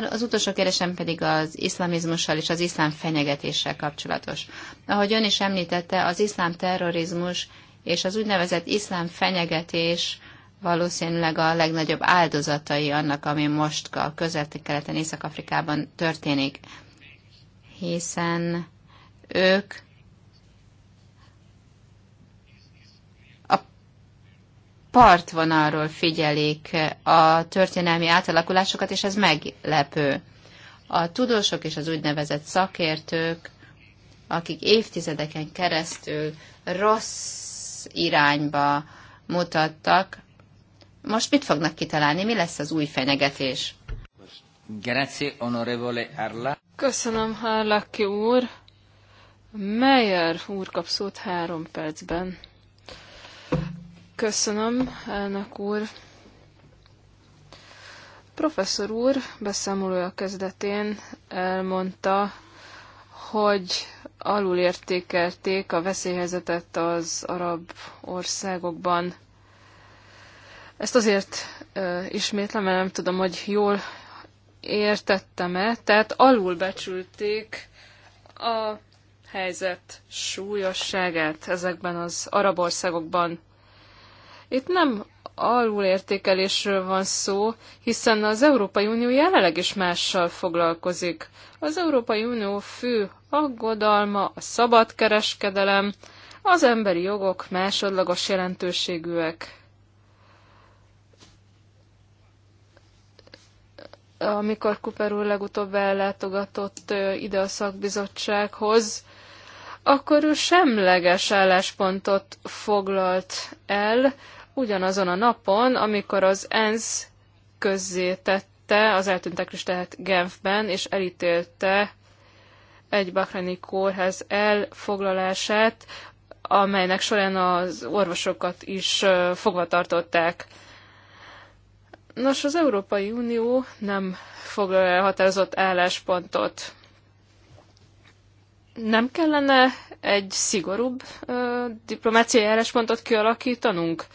Az utolsó kérdésem pedig az iszlamizmussal és az iszlám fenyegetéssel kapcsolatos. Ahogy ön is említette, az iszlám terrorizmus és az úgynevezett iszlám fenyegetés valószínűleg a legnagyobb áldozatai annak, ami most a közel-keleten, Észak-Afrikában történik, hiszen ők a partvonalról figyelik a történelmi átalakulásokat, és ez meglepő. A tudósok és az úgynevezett szakértők, akik évtizedeken keresztül rossz irányba mutattak, most mit fognak kitalálni? Mi lesz az új fenyegetés? Grazie, onorevole Arla. Köszönöm, Harlaki úr. Meyer úr kap szót három percben. Köszönöm, elnök úr. Professzor úr beszámolója kezdetén elmondta, hogy alulértékelték a veszélyhelyzetet az arab országokban. Ezt azért ö, ismétlem, mert nem tudom, hogy jól értettem-e, tehát alulbecsülték a helyzet súlyosságát ezekben az arab országokban. Itt nem alulértékelésről van szó, hiszen az Európai Unió jelenleg is mással foglalkozik. Az Európai Unió fő aggodalma a szabad kereskedelem, az emberi jogok másodlagos jelentőségűek. amikor Cooper úr legutóbb ellátogatott ide a szakbizottsághoz, akkor ő semleges álláspontot foglalt el ugyanazon a napon, amikor az ENSZ közzétette az eltűntek tehát Genfben, és elítélte egy bakrani kórház elfoglalását, amelynek során az orvosokat is fogva tartották. Nos, az Európai Unió nem fog határozott álláspontot. Nem kellene egy szigorúbb ö, diplomáciai álláspontot kialakítanunk?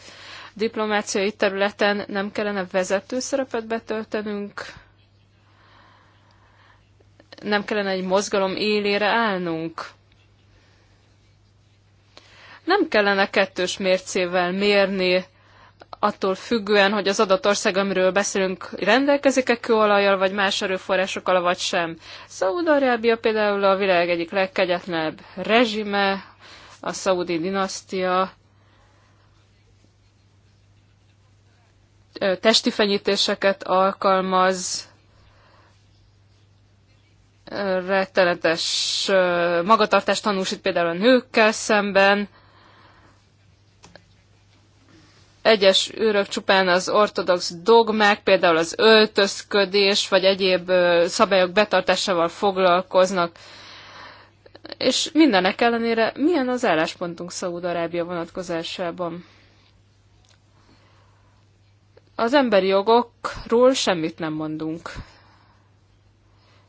Diplomáciai területen nem kellene vezető szerepet betöltenünk? Nem kellene egy mozgalom élére állnunk? Nem kellene kettős mércével mérni attól függően, hogy az adott ország, amiről beszélünk, rendelkezik-e kőolajjal, vagy más erőforrásokkal, vagy sem. Szaúd-Arábia például a világ egyik legkegyetlenebb rezsime, a szaudi dinasztia, testi fenyítéseket alkalmaz, rettenetes magatartást tanúsít például a nőkkel szemben, egyes őrök csupán az ortodox dogmák, például az öltözködés, vagy egyéb szabályok betartásával foglalkoznak. És mindenek ellenére milyen az álláspontunk Szaúd-Arábia vonatkozásában? Az emberi jogokról semmit nem mondunk,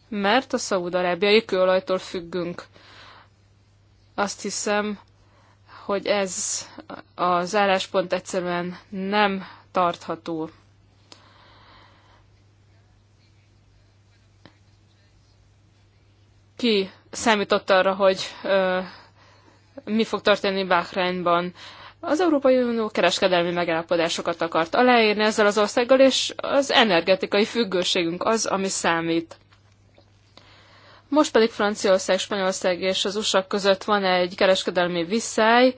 mert a szaúd-arábiai kőolajtól függünk. Azt hiszem, hogy ez az álláspont egyszerűen nem tartható. Ki számított arra, hogy ö, mi fog történni Bahreinban? Az Európai Unió kereskedelmi megállapodásokat akart aláírni ezzel az országgal, és az energetikai függőségünk az, ami számít. Most pedig Franciaország, Spanyolország és az USA között van egy kereskedelmi viszály,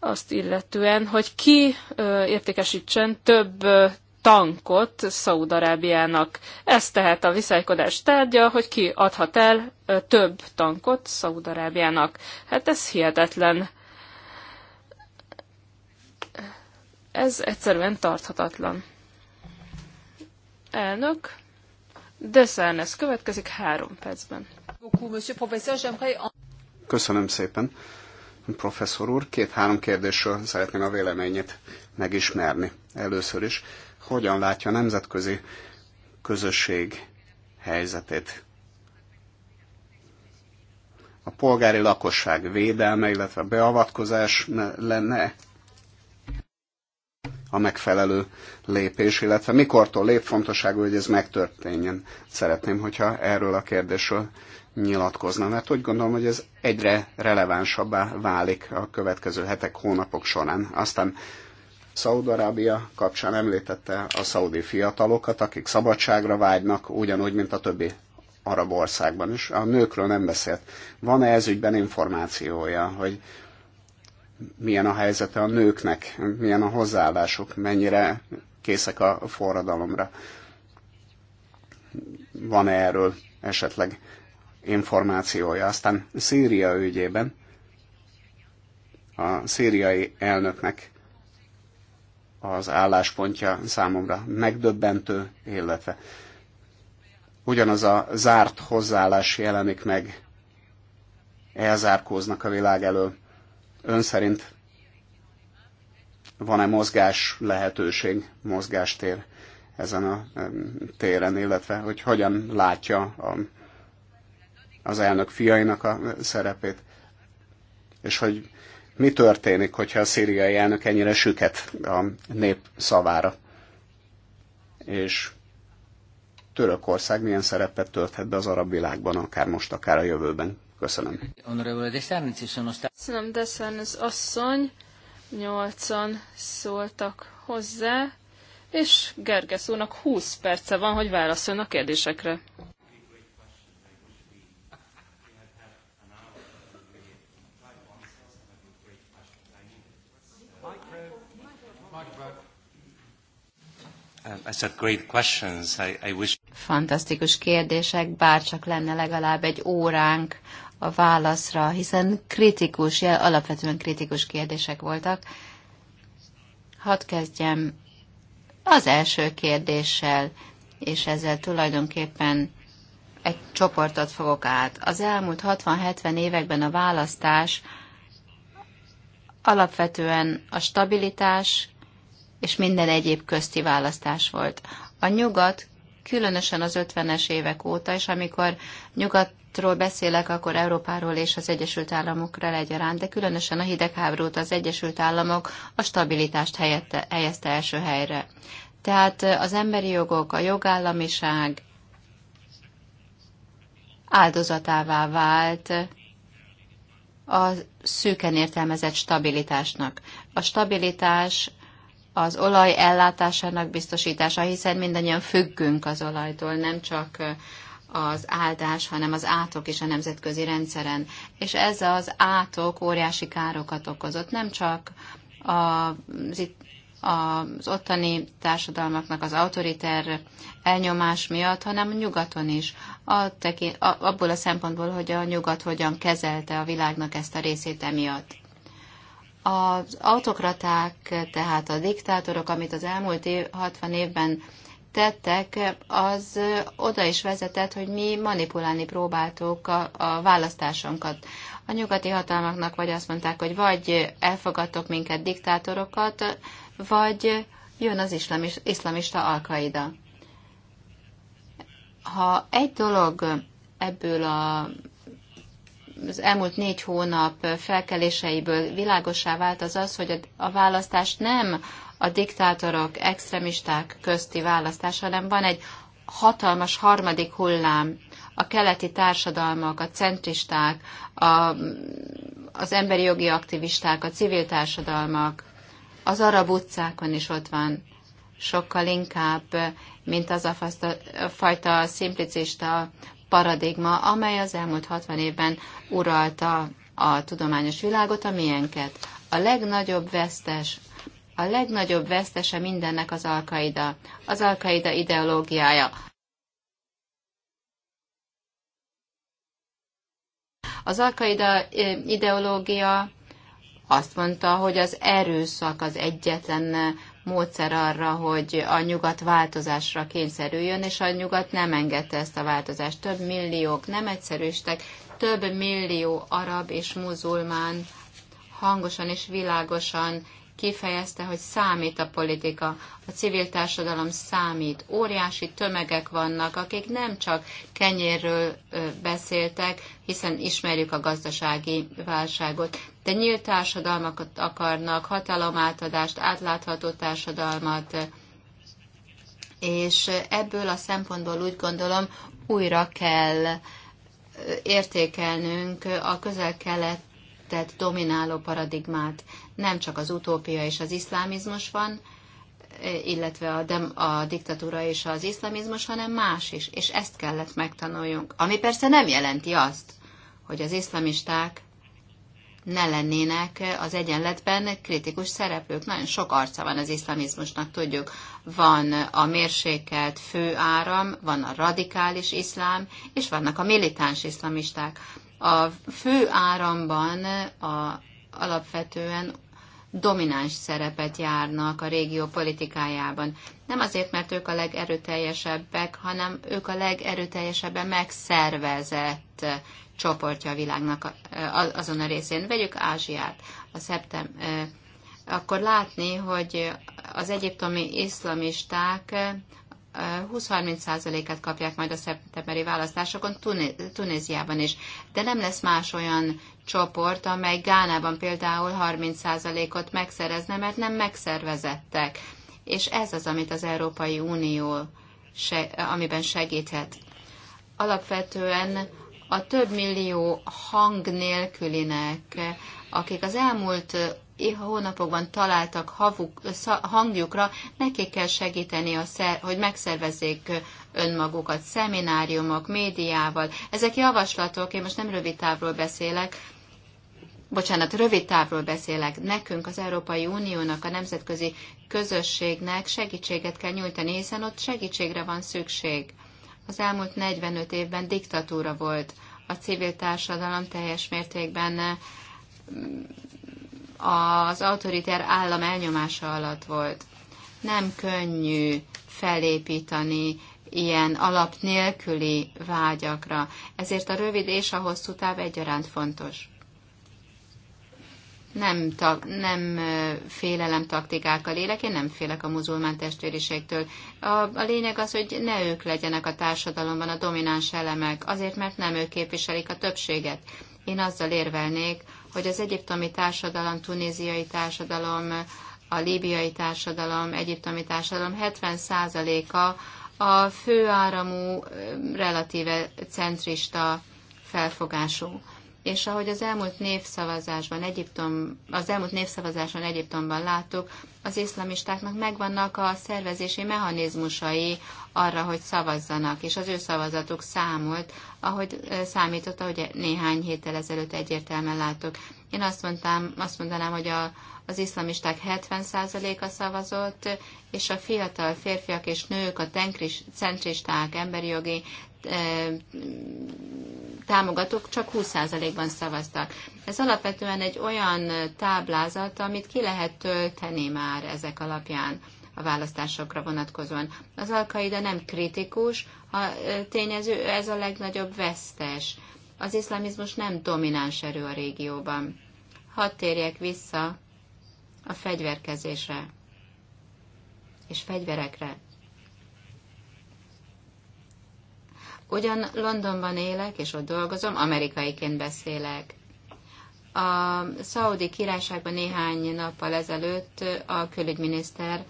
azt illetően, hogy ki ö, értékesítsen több ö, tankot Szaúd-Arábiának. Ez tehát a viszálykodás tárgya, hogy ki adhat el ö, több tankot Szaúd-Arábiának. Hát ez hihetetlen. Ez egyszerűen tarthatatlan. Elnök. De Szárnesz következik három percben. Köszönöm szépen. Professzor úr, két-három kérdésről szeretném a véleményét megismerni. Először is, hogyan látja a nemzetközi közösség helyzetét? A polgári lakosság védelme, illetve beavatkozás lenne a megfelelő lépés, illetve mikortól fontosságú, hogy ez megtörténjen. Szeretném, hogyha erről a kérdésről nyilatkozna, mert úgy gondolom, hogy ez egyre relevánsabbá válik a következő hetek, hónapok során. Aztán Szaudarábia kapcsán említette a szaudi fiatalokat, akik szabadságra vágynak, ugyanúgy, mint a többi arab országban is. A nőkről nem beszélt. Van-e ez ügyben információja, hogy milyen a helyzete a nőknek, milyen a hozzáállásuk, mennyire készek a forradalomra. Van-e erről esetleg információja? Aztán Szíria ügyében a szíriai elnöknek az álláspontja számomra megdöbbentő, illetve ugyanaz a zárt hozzáállás jelenik meg, elzárkóznak a világ elől, Ön szerint van-e mozgás lehetőség, mozgástér ezen a téren, illetve hogy hogyan látja a, az elnök fiainak a szerepét, és hogy mi történik, hogyha a szíriai elnök ennyire süket a nép szavára, és Törökország milyen szerepet tölthet be az arab világban, akár most, akár a jövőben. Köszönöm. Köszönöm, Deszern az asszony. Nyolcan szóltak hozzá, és Gerges úrnak 20 perce van, hogy válaszoljon a kérdésekre. Um, Fantasztikus kérdések, bár csak lenne legalább egy óránk a válaszra, hiszen kritikus, alapvetően kritikus kérdések voltak. Hadd kezdjem az első kérdéssel, és ezzel tulajdonképpen egy csoportot fogok át. Az elmúlt 60-70 években a választás alapvetően a stabilitás és minden egyéb közti választás volt. A nyugat különösen az 50-es évek óta, és amikor nyugatról beszélek, akkor Európáról és az Egyesült Államokra egyaránt. de különösen a hidegháborút az Egyesült Államok a stabilitást helyette, helyezte első helyre. Tehát az emberi jogok, a jogállamiság áldozatává vált a szűken értelmezett stabilitásnak. A stabilitás az olaj ellátásának biztosítása, hiszen mindannyian függünk az olajtól, nem csak az áldás, hanem az átok is a nemzetközi rendszeren. És ez az átok óriási károkat okozott, nem csak az, itt, az ottani társadalmaknak az autoriter elnyomás miatt, hanem a nyugaton is. A tekin, abból a szempontból, hogy a nyugat hogyan kezelte a világnak ezt a részét emiatt. Az autokraták, tehát a diktátorok, amit az elmúlt év, 60 évben tettek, az oda is vezetett, hogy mi manipulálni próbáltuk a, a választásunkat. A nyugati hatalmaknak vagy azt mondták, hogy vagy elfogadtok minket diktátorokat, vagy jön az iszlamis, iszlamista alkaida. Ha egy dolog ebből a az elmúlt négy hónap felkeléseiből világosá vált az az, hogy a választás nem a diktátorok, extremisták közti választás, hanem van egy hatalmas harmadik hullám. A keleti társadalmak, a centristák, a, az emberi jogi aktivisták, a civil társadalmak, az arab utcákon is ott van sokkal inkább, mint az a fajta szimplicista paradigma, amely az elmúlt 60 évben uralta a tudományos világot, a miénket. A legnagyobb vesztes, a legnagyobb vesztese mindennek az alkaida, az alkaida ideológiája. Az alkaida ideológia azt mondta, hogy az erőszak az egyetlen módszer arra, hogy a nyugat változásra kényszerüljön, és a nyugat nem engedte ezt a változást. Több milliók nem egyszerűstek, több millió arab és muzulmán hangosan és világosan kifejezte, hogy számít a politika, a civil társadalom számít. Óriási tömegek vannak, akik nem csak kenyérről beszéltek, hiszen ismerjük a gazdasági válságot, de nyílt társadalmakat akarnak, hatalomátadást, átlátható társadalmat, és ebből a szempontból úgy gondolom újra kell értékelnünk a közel-keletet domináló paradigmát. Nem csak az utópia és az iszlámizmus van, illetve a, dem, a diktatúra és az iszlamizmus, hanem más is, és ezt kellett megtanuljunk. Ami persze nem jelenti azt, hogy az iszlamisták ne lennének az egyenletben kritikus szereplők. Nagyon sok arca van az iszlamizmusnak, tudjuk. Van a mérsékelt főáram, van a radikális iszlám, és vannak a militáns iszlamisták. A főáramban a, alapvetően domináns szerepet járnak a régió politikájában. Nem azért, mert ők a legerőteljesebbek, hanem ők a legerőteljesebben megszervezett csoportja a világnak azon a részén. Vegyük Ázsiát, a szeptem, akkor látni, hogy az egyiptomi iszlamisták 20-30%-át kapják majd a szeptemberi választásokon Tunéziában is. De nem lesz más olyan csoport, amely Gánában például 30%-ot megszerezne, mert nem megszervezettek. És ez az, amit az Európai Unió, amiben segíthet. Alapvetően a több millió hang nélkülinek, akik az elmúlt hónapokban találtak havuk, hangjukra, nekik kell segíteni, a szer, hogy megszervezzék önmagukat, szemináriumok, médiával. Ezek javaslatok, én most nem rövid távról beszélek, bocsánat, rövid távról beszélek, nekünk, az Európai Uniónak, a nemzetközi közösségnek segítséget kell nyújtani, hiszen ott segítségre van szükség. Az elmúlt 45 évben diktatúra volt. A civil társadalom teljes mértékben mm, az autoritár állam elnyomása alatt volt. Nem könnyű felépíteni ilyen alap nélküli vágyakra, ezért a rövid és a hosszú táv egyaránt fontos nem, ta, nem félelem taktikákkal élek, én nem félek a muzulmán testvériségtől. A, a lényeg az, hogy ne ők legyenek a társadalomban a domináns elemek, azért, mert nem ők képviselik a többséget. Én azzal érvelnék, hogy az egyiptomi társadalom, tunéziai társadalom, a líbiai társadalom, egyiptomi társadalom 70%-a a főáramú, relatíve centrista felfogású és ahogy az elmúlt névszavazásban Egyiptom, az elmúlt névszavazáson Egyiptomban láttuk, az iszlamistáknak megvannak a szervezési mechanizmusai arra, hogy szavazzanak, és az ő szavazatuk számolt, ahogy számított, ahogy néhány héttel ezelőtt egyértelműen láttuk. Én azt, mondtam, azt mondanám, hogy a, az iszlamisták 70%-a szavazott, és a fiatal férfiak és nők, a tenkris, centristák, emberi jogi E, támogatók csak 20%-ban szavaztak. Ez alapvetően egy olyan táblázat, amit ki lehet tölteni már ezek alapján a választásokra vonatkozóan. Az alkaida nem kritikus, a e, tényező ez a legnagyobb vesztes. Az iszlamizmus nem domináns erő a régióban. Hadd térjek vissza a fegyverkezésre és fegyverekre. Ugyan Londonban élek, és ott dolgozom, amerikaiként beszélek. A Szaudi királyságban néhány nappal ezelőtt a külügyminiszter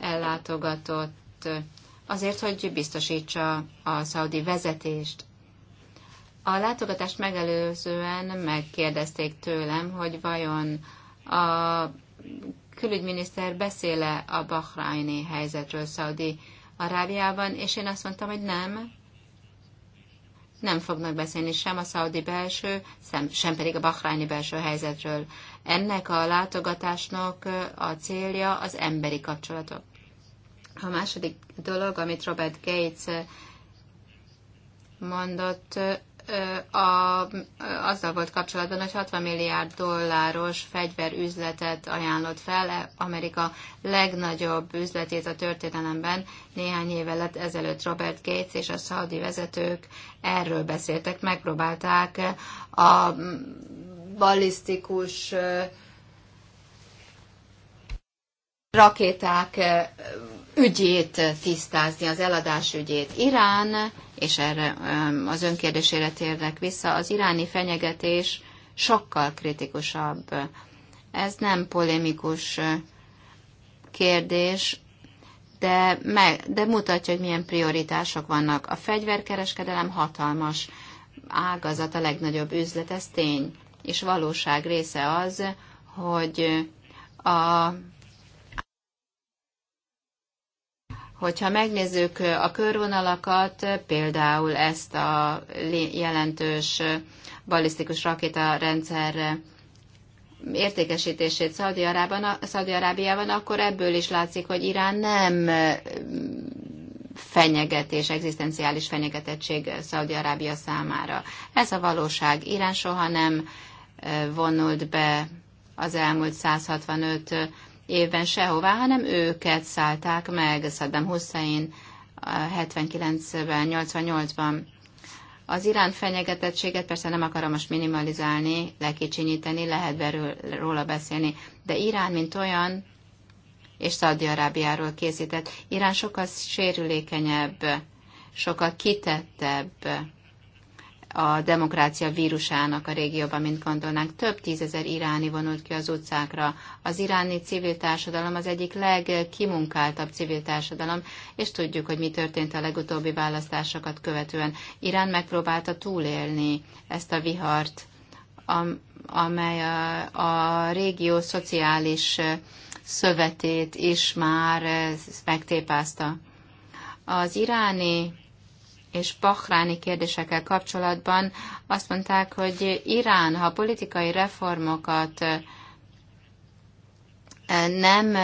ellátogatott azért, hogy biztosítsa a szaudi vezetést. A látogatást megelőzően megkérdezték tőlem, hogy vajon a külügyminiszter beszéle a bahrajni helyzetről Szaudi Arábiában, és én azt mondtam, hogy nem, nem fognak beszélni sem a szaudi belső, sem, sem pedig a bahráni belső helyzetről. Ennek a látogatásnak a célja az emberi kapcsolatok. A második dolog, amit Robert Gates mondott, a, azzal volt kapcsolatban, hogy 60 milliárd dolláros fegyverüzletet ajánlott fel e Amerika legnagyobb üzletét a történelemben. Néhány évvel ezelőtt Robert Gates és a szaudi vezetők erről beszéltek, megpróbálták a ballisztikus rakéták ügyét tisztázni, az eladás ügyét. Irán, és erre az önkérdésére térnek vissza, az iráni fenyegetés sokkal kritikusabb. Ez nem polémikus kérdés, de, me, de mutatja, hogy milyen prioritások vannak. A fegyverkereskedelem hatalmas ágazat, a legnagyobb üzlet, ez tény. És valóság része az, hogy a Hogyha megnézzük a körvonalakat, például ezt a jelentős balisztikus rakéta rendszerre értékesítését Szaudi-Arábiában, akkor ebből is látszik, hogy Irán nem fenyegetés, egzisztenciális fenyegetettség Szaudi-Arábia számára. Ez a valóság. Irán soha nem vonult be az elmúlt 165 évben sehová, hanem őket szállták meg Saddam Hussein 79-ben, 88-ban. Az Irán fenyegetettséget persze nem akarom most minimalizálni, lekicsinyíteni, lehet belül, róla beszélni, de Irán, mint olyan, és Szaudi-Arábiáról készített, Irán sokkal sérülékenyebb, sokkal kitettebb a demokrácia vírusának a régióban, mint gondolnánk. Több tízezer iráni vonult ki az utcákra. Az iráni civil társadalom az egyik legkimunkáltabb civil társadalom, és tudjuk, hogy mi történt a legutóbbi választásokat követően. Irán megpróbálta túlélni ezt a vihart, amely a, a régió szociális szövetét is már megtépázta. Az iráni és Bahráni kérdésekkel kapcsolatban azt mondták, hogy Irán, ha politikai reformokat nem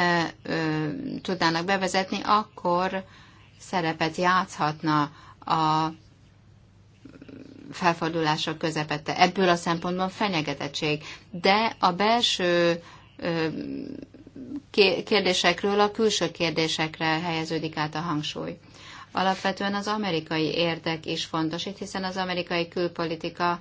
tudnának bevezetni, akkor szerepet játszhatna a felfordulások közepette. Ebből a szempontból fenyegetettség. De a belső kérdésekről a külső kérdésekre helyeződik át a hangsúly alapvetően az amerikai érdek is fontos itt, hiszen az amerikai külpolitika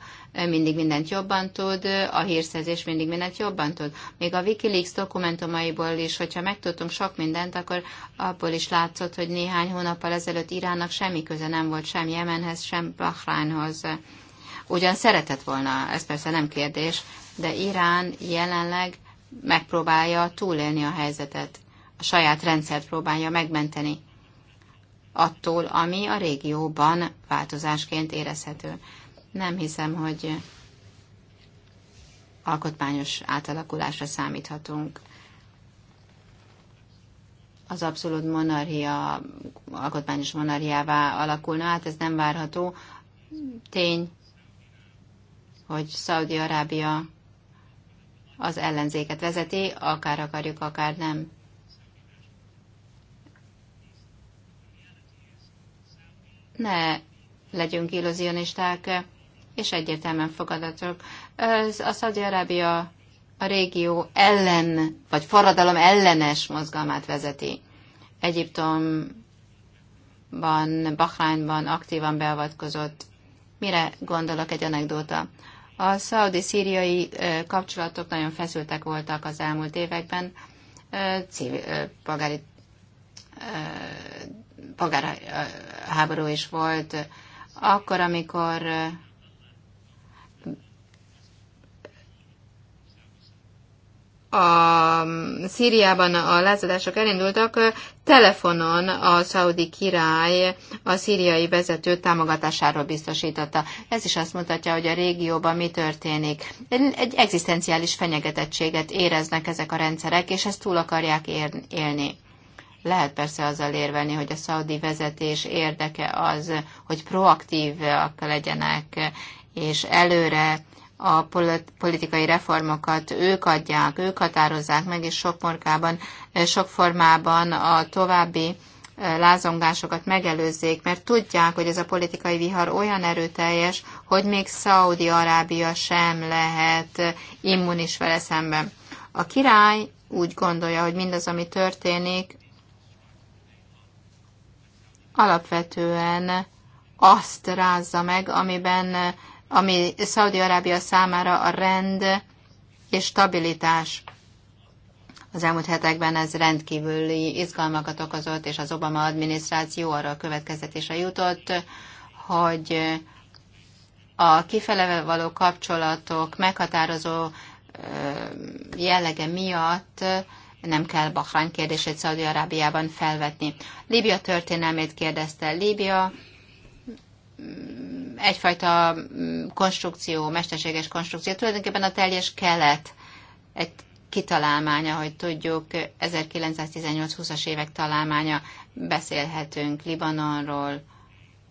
mindig mindent jobban tud, a hírszerzés mindig mindent jobban tud. Még a Wikileaks dokumentumaiból is, hogyha megtudtunk sok mindent, akkor abból is látszott, hogy néhány hónappal ezelőtt Iránnak semmi köze nem volt sem Jemenhez, sem Bahrainhoz. Ugyan szeretett volna, ez persze nem kérdés, de Irán jelenleg megpróbálja túlélni a helyzetet. A saját rendszert próbálja megmenteni attól, ami a régióban változásként érezhető. Nem hiszem, hogy alkotmányos átalakulásra számíthatunk. Az abszolút monarchia alkotmányos monarchiává alakulna, hát ez nem várható. Tény, hogy Szaudi-Arábia az ellenzéket vezeti, akár akarjuk, akár nem. ne legyünk illúzionisták, és egyértelműen fogadatok. Ez a Szaudi-Arábia a régió ellen, vagy forradalom ellenes mozgalmát vezeti. Egyiptomban, Bahrányban aktívan beavatkozott. Mire gondolok egy anekdóta? A szaudi-szíriai kapcsolatok nagyon feszültek voltak az elmúlt években. Civil, polgári polgárháború is volt, akkor, amikor a Szíriában a lázadások elindultak, telefonon a szaudi király a szíriai vezető támogatásáról biztosította. Ez is azt mutatja, hogy a régióban mi történik. Egy egzisztenciális fenyegetettséget éreznek ezek a rendszerek, és ezt túl akarják élni. Lehet persze azzal érvelni, hogy a szaudi vezetés érdeke az, hogy proaktívak legyenek, és előre a politikai reformokat ők adják, ők határozzák meg, és sok, morkában, sok formában a további eh, lázongásokat megelőzzék, mert tudják, hogy ez a politikai vihar olyan erőteljes, hogy még Szaudi-Arábia sem lehet eh, immunis vele szemben. A király úgy gondolja, hogy mindaz, ami történik, alapvetően azt rázza meg, amiben, ami Szaudi-Arábia számára a rend és stabilitás. Az elmúlt hetekben ez rendkívüli izgalmakat okozott, és az Obama adminisztráció arra a következetésre jutott, hogy a kifele való kapcsolatok meghatározó jellege miatt nem kell Bahrain kérdését Szaudi-Arábiában felvetni. Líbia történelmét kérdezte. Líbia mm, egyfajta mm, konstrukció, mesterséges konstrukció, tulajdonképpen a teljes kelet egy kitalálmánya, hogy tudjuk, 1918-20-as évek találmánya, beszélhetünk Libanonról,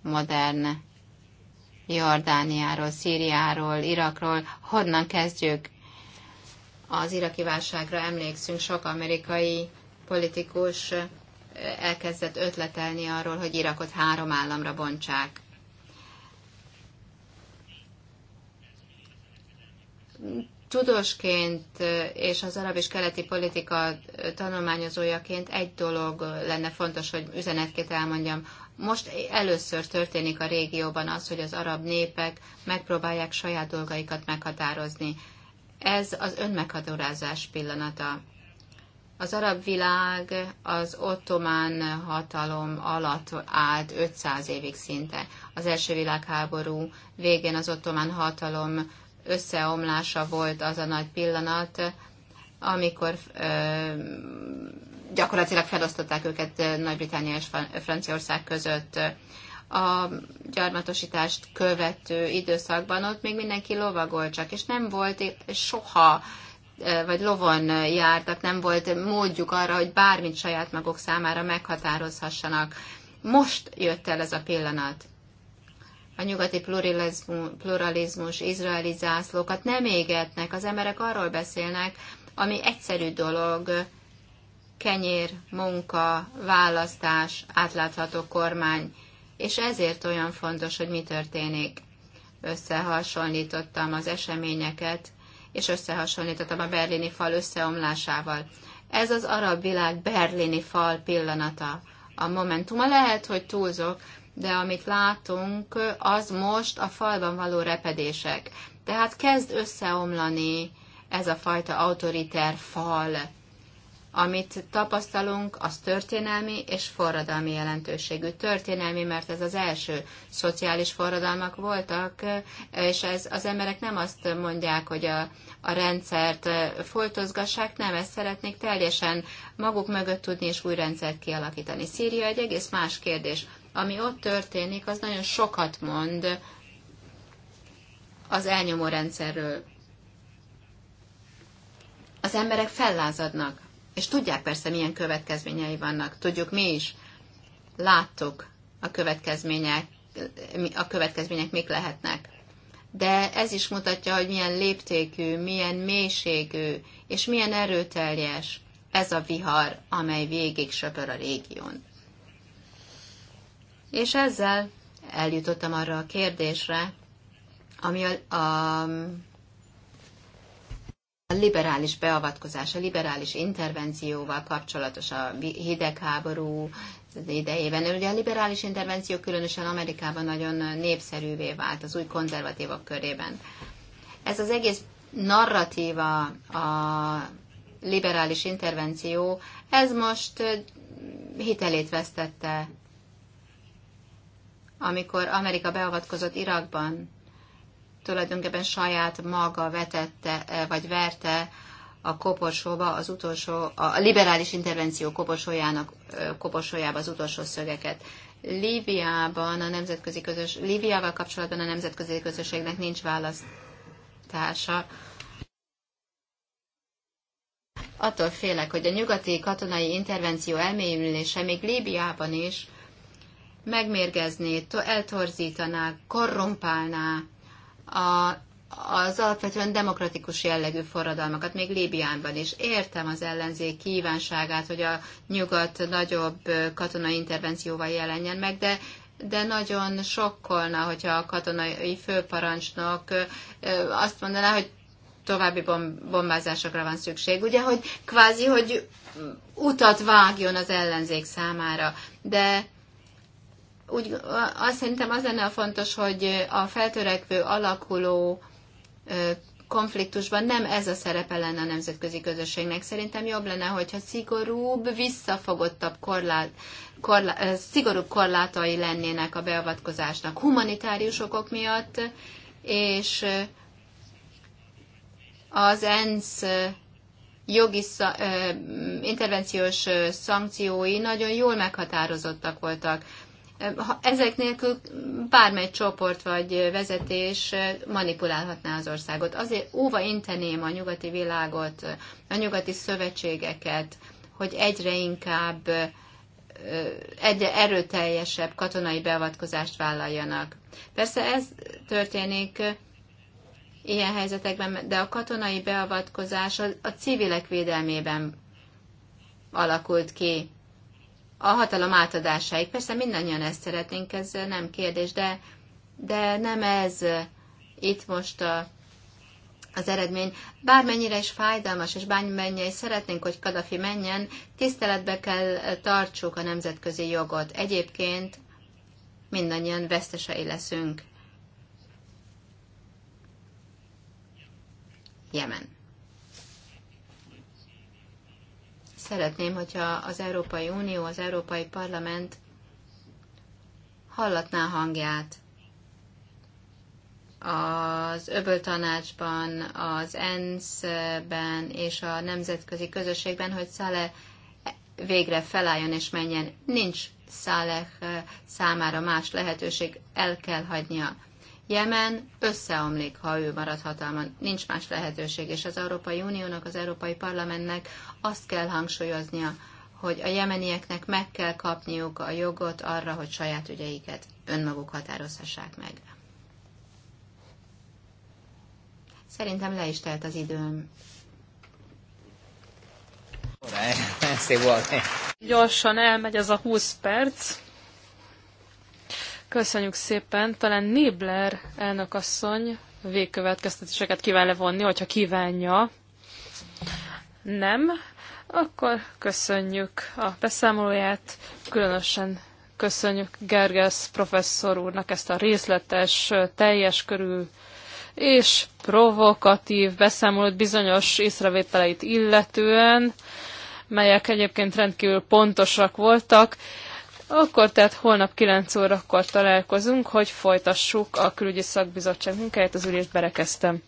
modern Jordániáról, Szíriáról, Irakról, honnan kezdjük? az iraki válságra emlékszünk, sok amerikai politikus elkezdett ötletelni arról, hogy Irakot három államra bontsák. Tudósként és az arab és keleti politika tanulmányozójaként egy dolog lenne fontos, hogy üzenetként elmondjam. Most először történik a régióban az, hogy az arab népek megpróbálják saját dolgaikat meghatározni ez az önmeghatározás pillanata. Az arab világ az ottomán hatalom alatt állt 500 évig szinte. Az első világháború végén az ottomán hatalom összeomlása volt az a nagy pillanat, amikor ö, gyakorlatilag felosztották őket Nagy-Britannia és Franciaország között a gyarmatosítást követő időszakban ott még mindenki lovagolt csak, és nem volt soha e, vagy lovon jártak, nem volt módjuk arra, hogy bármit saját maguk számára meghatározhassanak. Most jött el ez a pillanat. A nyugati pluralizmus, pluralizmus izraeli zászlókat nem égetnek, az emberek arról beszélnek, ami egyszerű dolog, kenyér, munka, választás, átlátható kormány, és ezért olyan fontos, hogy mi történik. Összehasonlítottam az eseményeket, és összehasonlítottam a berlini fal összeomlásával. Ez az arab világ berlini fal pillanata, a momentuma. Lehet, hogy túlzok, de amit látunk, az most a falban való repedések. Tehát kezd összeomlani ez a fajta autoriter fal amit tapasztalunk, az történelmi és forradalmi jelentőségű. Történelmi, mert ez az első szociális forradalmak voltak, és ez, az emberek nem azt mondják, hogy a, a rendszert foltozgassák, nem, ezt szeretnék teljesen maguk mögött tudni és új rendszert kialakítani. Szíria egy egész más kérdés. Ami ott történik, az nagyon sokat mond az elnyomó rendszerről. Az emberek fellázadnak és tudják persze, milyen következményei vannak. Tudjuk mi is. Láttuk a következmények, a következmények mik lehetnek. De ez is mutatja, hogy milyen léptékű, milyen mélységű és milyen erőteljes ez a vihar, amely végig söpör a régión. És ezzel eljutottam arra a kérdésre, ami a, a a liberális beavatkozás, a liberális intervencióval kapcsolatos a hidegháború idejében. Ugye a liberális intervenció különösen Amerikában nagyon népszerűvé vált az új konzervatívok körében. Ez az egész narratíva, a liberális intervenció, ez most hitelét vesztette, amikor Amerika beavatkozott Irakban, tulajdonképpen saját maga vetette, eh, vagy verte a koporsóba az utolsó, a liberális intervenció koporsójának, eh, koporsójába az utolsó szögeket. Líviában a nemzetközi közös, Líviával kapcsolatban a nemzetközi közösségnek nincs választása. Attól félek, hogy a nyugati katonai intervenció elmélyülése még Líbiában is megmérgezné, eltorzítaná, korrumpálná a, az alapvetően demokratikus jellegű forradalmakat, még Líbiánban is. Értem az ellenzék kívánságát, hogy a nyugat nagyobb katonai intervencióval jelenjen meg, de de nagyon sokkolna, hogyha a katonai főparancsnok azt mondaná, hogy további bombázásokra van szükség. Ugye, hogy kvázi, hogy utat vágjon az ellenzék számára. De úgy, azt szerintem az lenne a fontos, hogy a feltörekvő, alakuló konfliktusban nem ez a szerepe lenne a nemzetközi közösségnek. Szerintem jobb lenne, hogyha szigorúbb, visszafogottabb korlát, korlát, szigorúbb korlátai lennének a beavatkozásnak humanitárius okok miatt, és az ENSZ jogi intervenciós szankciói nagyon jól meghatározottak voltak. Ezek nélkül bármely csoport vagy vezetés manipulálhatná az országot. Azért óva inteném a nyugati világot, a nyugati szövetségeket, hogy egyre inkább egyre erőteljesebb katonai beavatkozást vállaljanak. Persze ez történik ilyen helyzetekben, de a katonai beavatkozás a, a civilek védelmében alakult ki a hatalom átadásáig. Persze mindannyian ezt szeretnénk, ez nem kérdés, de, de nem ez itt most a, az eredmény. Bármennyire is fájdalmas, és bármennyire is szeretnénk, hogy Kadafi menjen, tiszteletbe kell tartsuk a nemzetközi jogot. Egyébként mindannyian vesztesei leszünk. Jemen. Szeretném, hogyha az Európai Unió, az Európai Parlament hallatná hangját az Öböl Tanácsban, az ENSZ-ben és a nemzetközi közösségben, hogy Szale végre felálljon és menjen. Nincs Szálek eh, számára más lehetőség, el kell hagynia. Jemen összeomlik, ha ő marad hatalman. Nincs más lehetőség, és az Európai Uniónak, az Európai Parlamentnek azt kell hangsúlyoznia, hogy a jemenieknek meg kell kapniuk a jogot arra, hogy saját ügyeiket önmaguk határozhassák meg. Szerintem le is telt az időm. Gyorsan elmegy ez a 20 perc. Köszönjük szépen. Talán Nibler elnökasszony végkövetkeztetéseket kíván levonni, hogyha kívánja. Nem, akkor köszönjük a beszámolóját, különösen köszönjük Gerges professzor úrnak ezt a részletes, teljes körül és provokatív beszámolót bizonyos észrevételeit illetően, melyek egyébként rendkívül pontosak voltak. Akkor tehát holnap 9 órakor találkozunk, hogy folytassuk a külügyi szakbizottság munkáját, az ülést berekeztem.